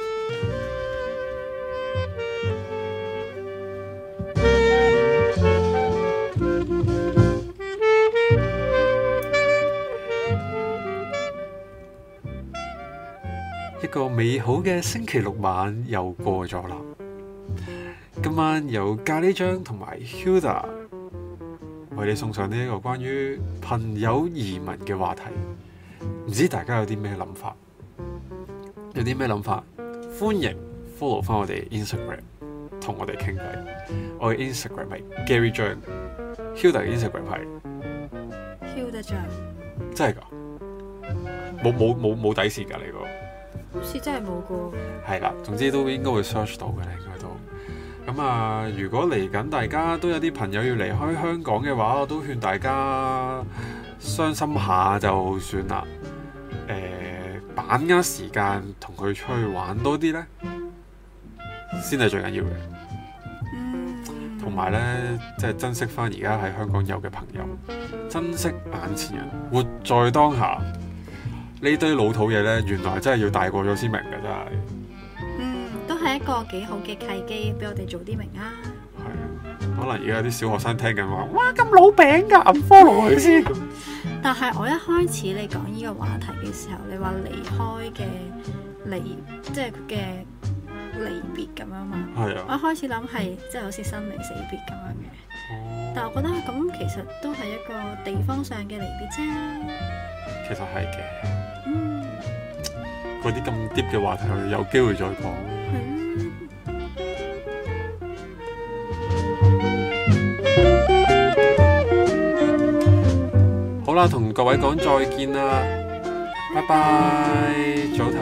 一個美好嘅星期六晚又過咗啦，今晚由咖喱張同埋 Hilda 為你送上呢一個關於朋友移民嘅話題，唔知大家有啲咩諗法，有啲咩諗法，歡迎 follow 翻我哋 Instagram 同我哋傾偈。我嘅 Instagram 係 Gary John，Hilda 嘅 Instagram 係 Hilda John，真係噶，冇冇冇冇底線噶你個。好似真係冇個，係啦，總之都應該會 search 到嘅，應該都。咁啊，如果嚟緊大家都有啲朋友要離開香港嘅話，我都勸大家傷心下就算啦。誒、呃，把握時間同佢出去玩多啲呢，先係最緊要嘅。同埋、嗯、呢，即、就、係、是、珍惜翻而家喺香港有嘅朋友，珍惜眼前人，活在當下。呢堆老土嘢咧，原來真係要大過咗先明嘅，真係。嗯，都係一個幾好嘅契機，俾我哋早啲明啊。係啊，可能而家啲小學生聽緊話，哇咁老餅噶、啊、 先，follow 你先。但係我一開始你講呢個話題嘅時候，你話離開嘅離，即係佢嘅離別咁樣嘛。係啊的。我一開始諗係即係好似生離死別咁樣嘅。嗯、但係我覺得咁其實都係一個地方上嘅離別啫。其實係嘅。嗰啲咁 deep 嘅話題，我哋有機會再講。好啦，同各位講再見啦，拜拜，早唞。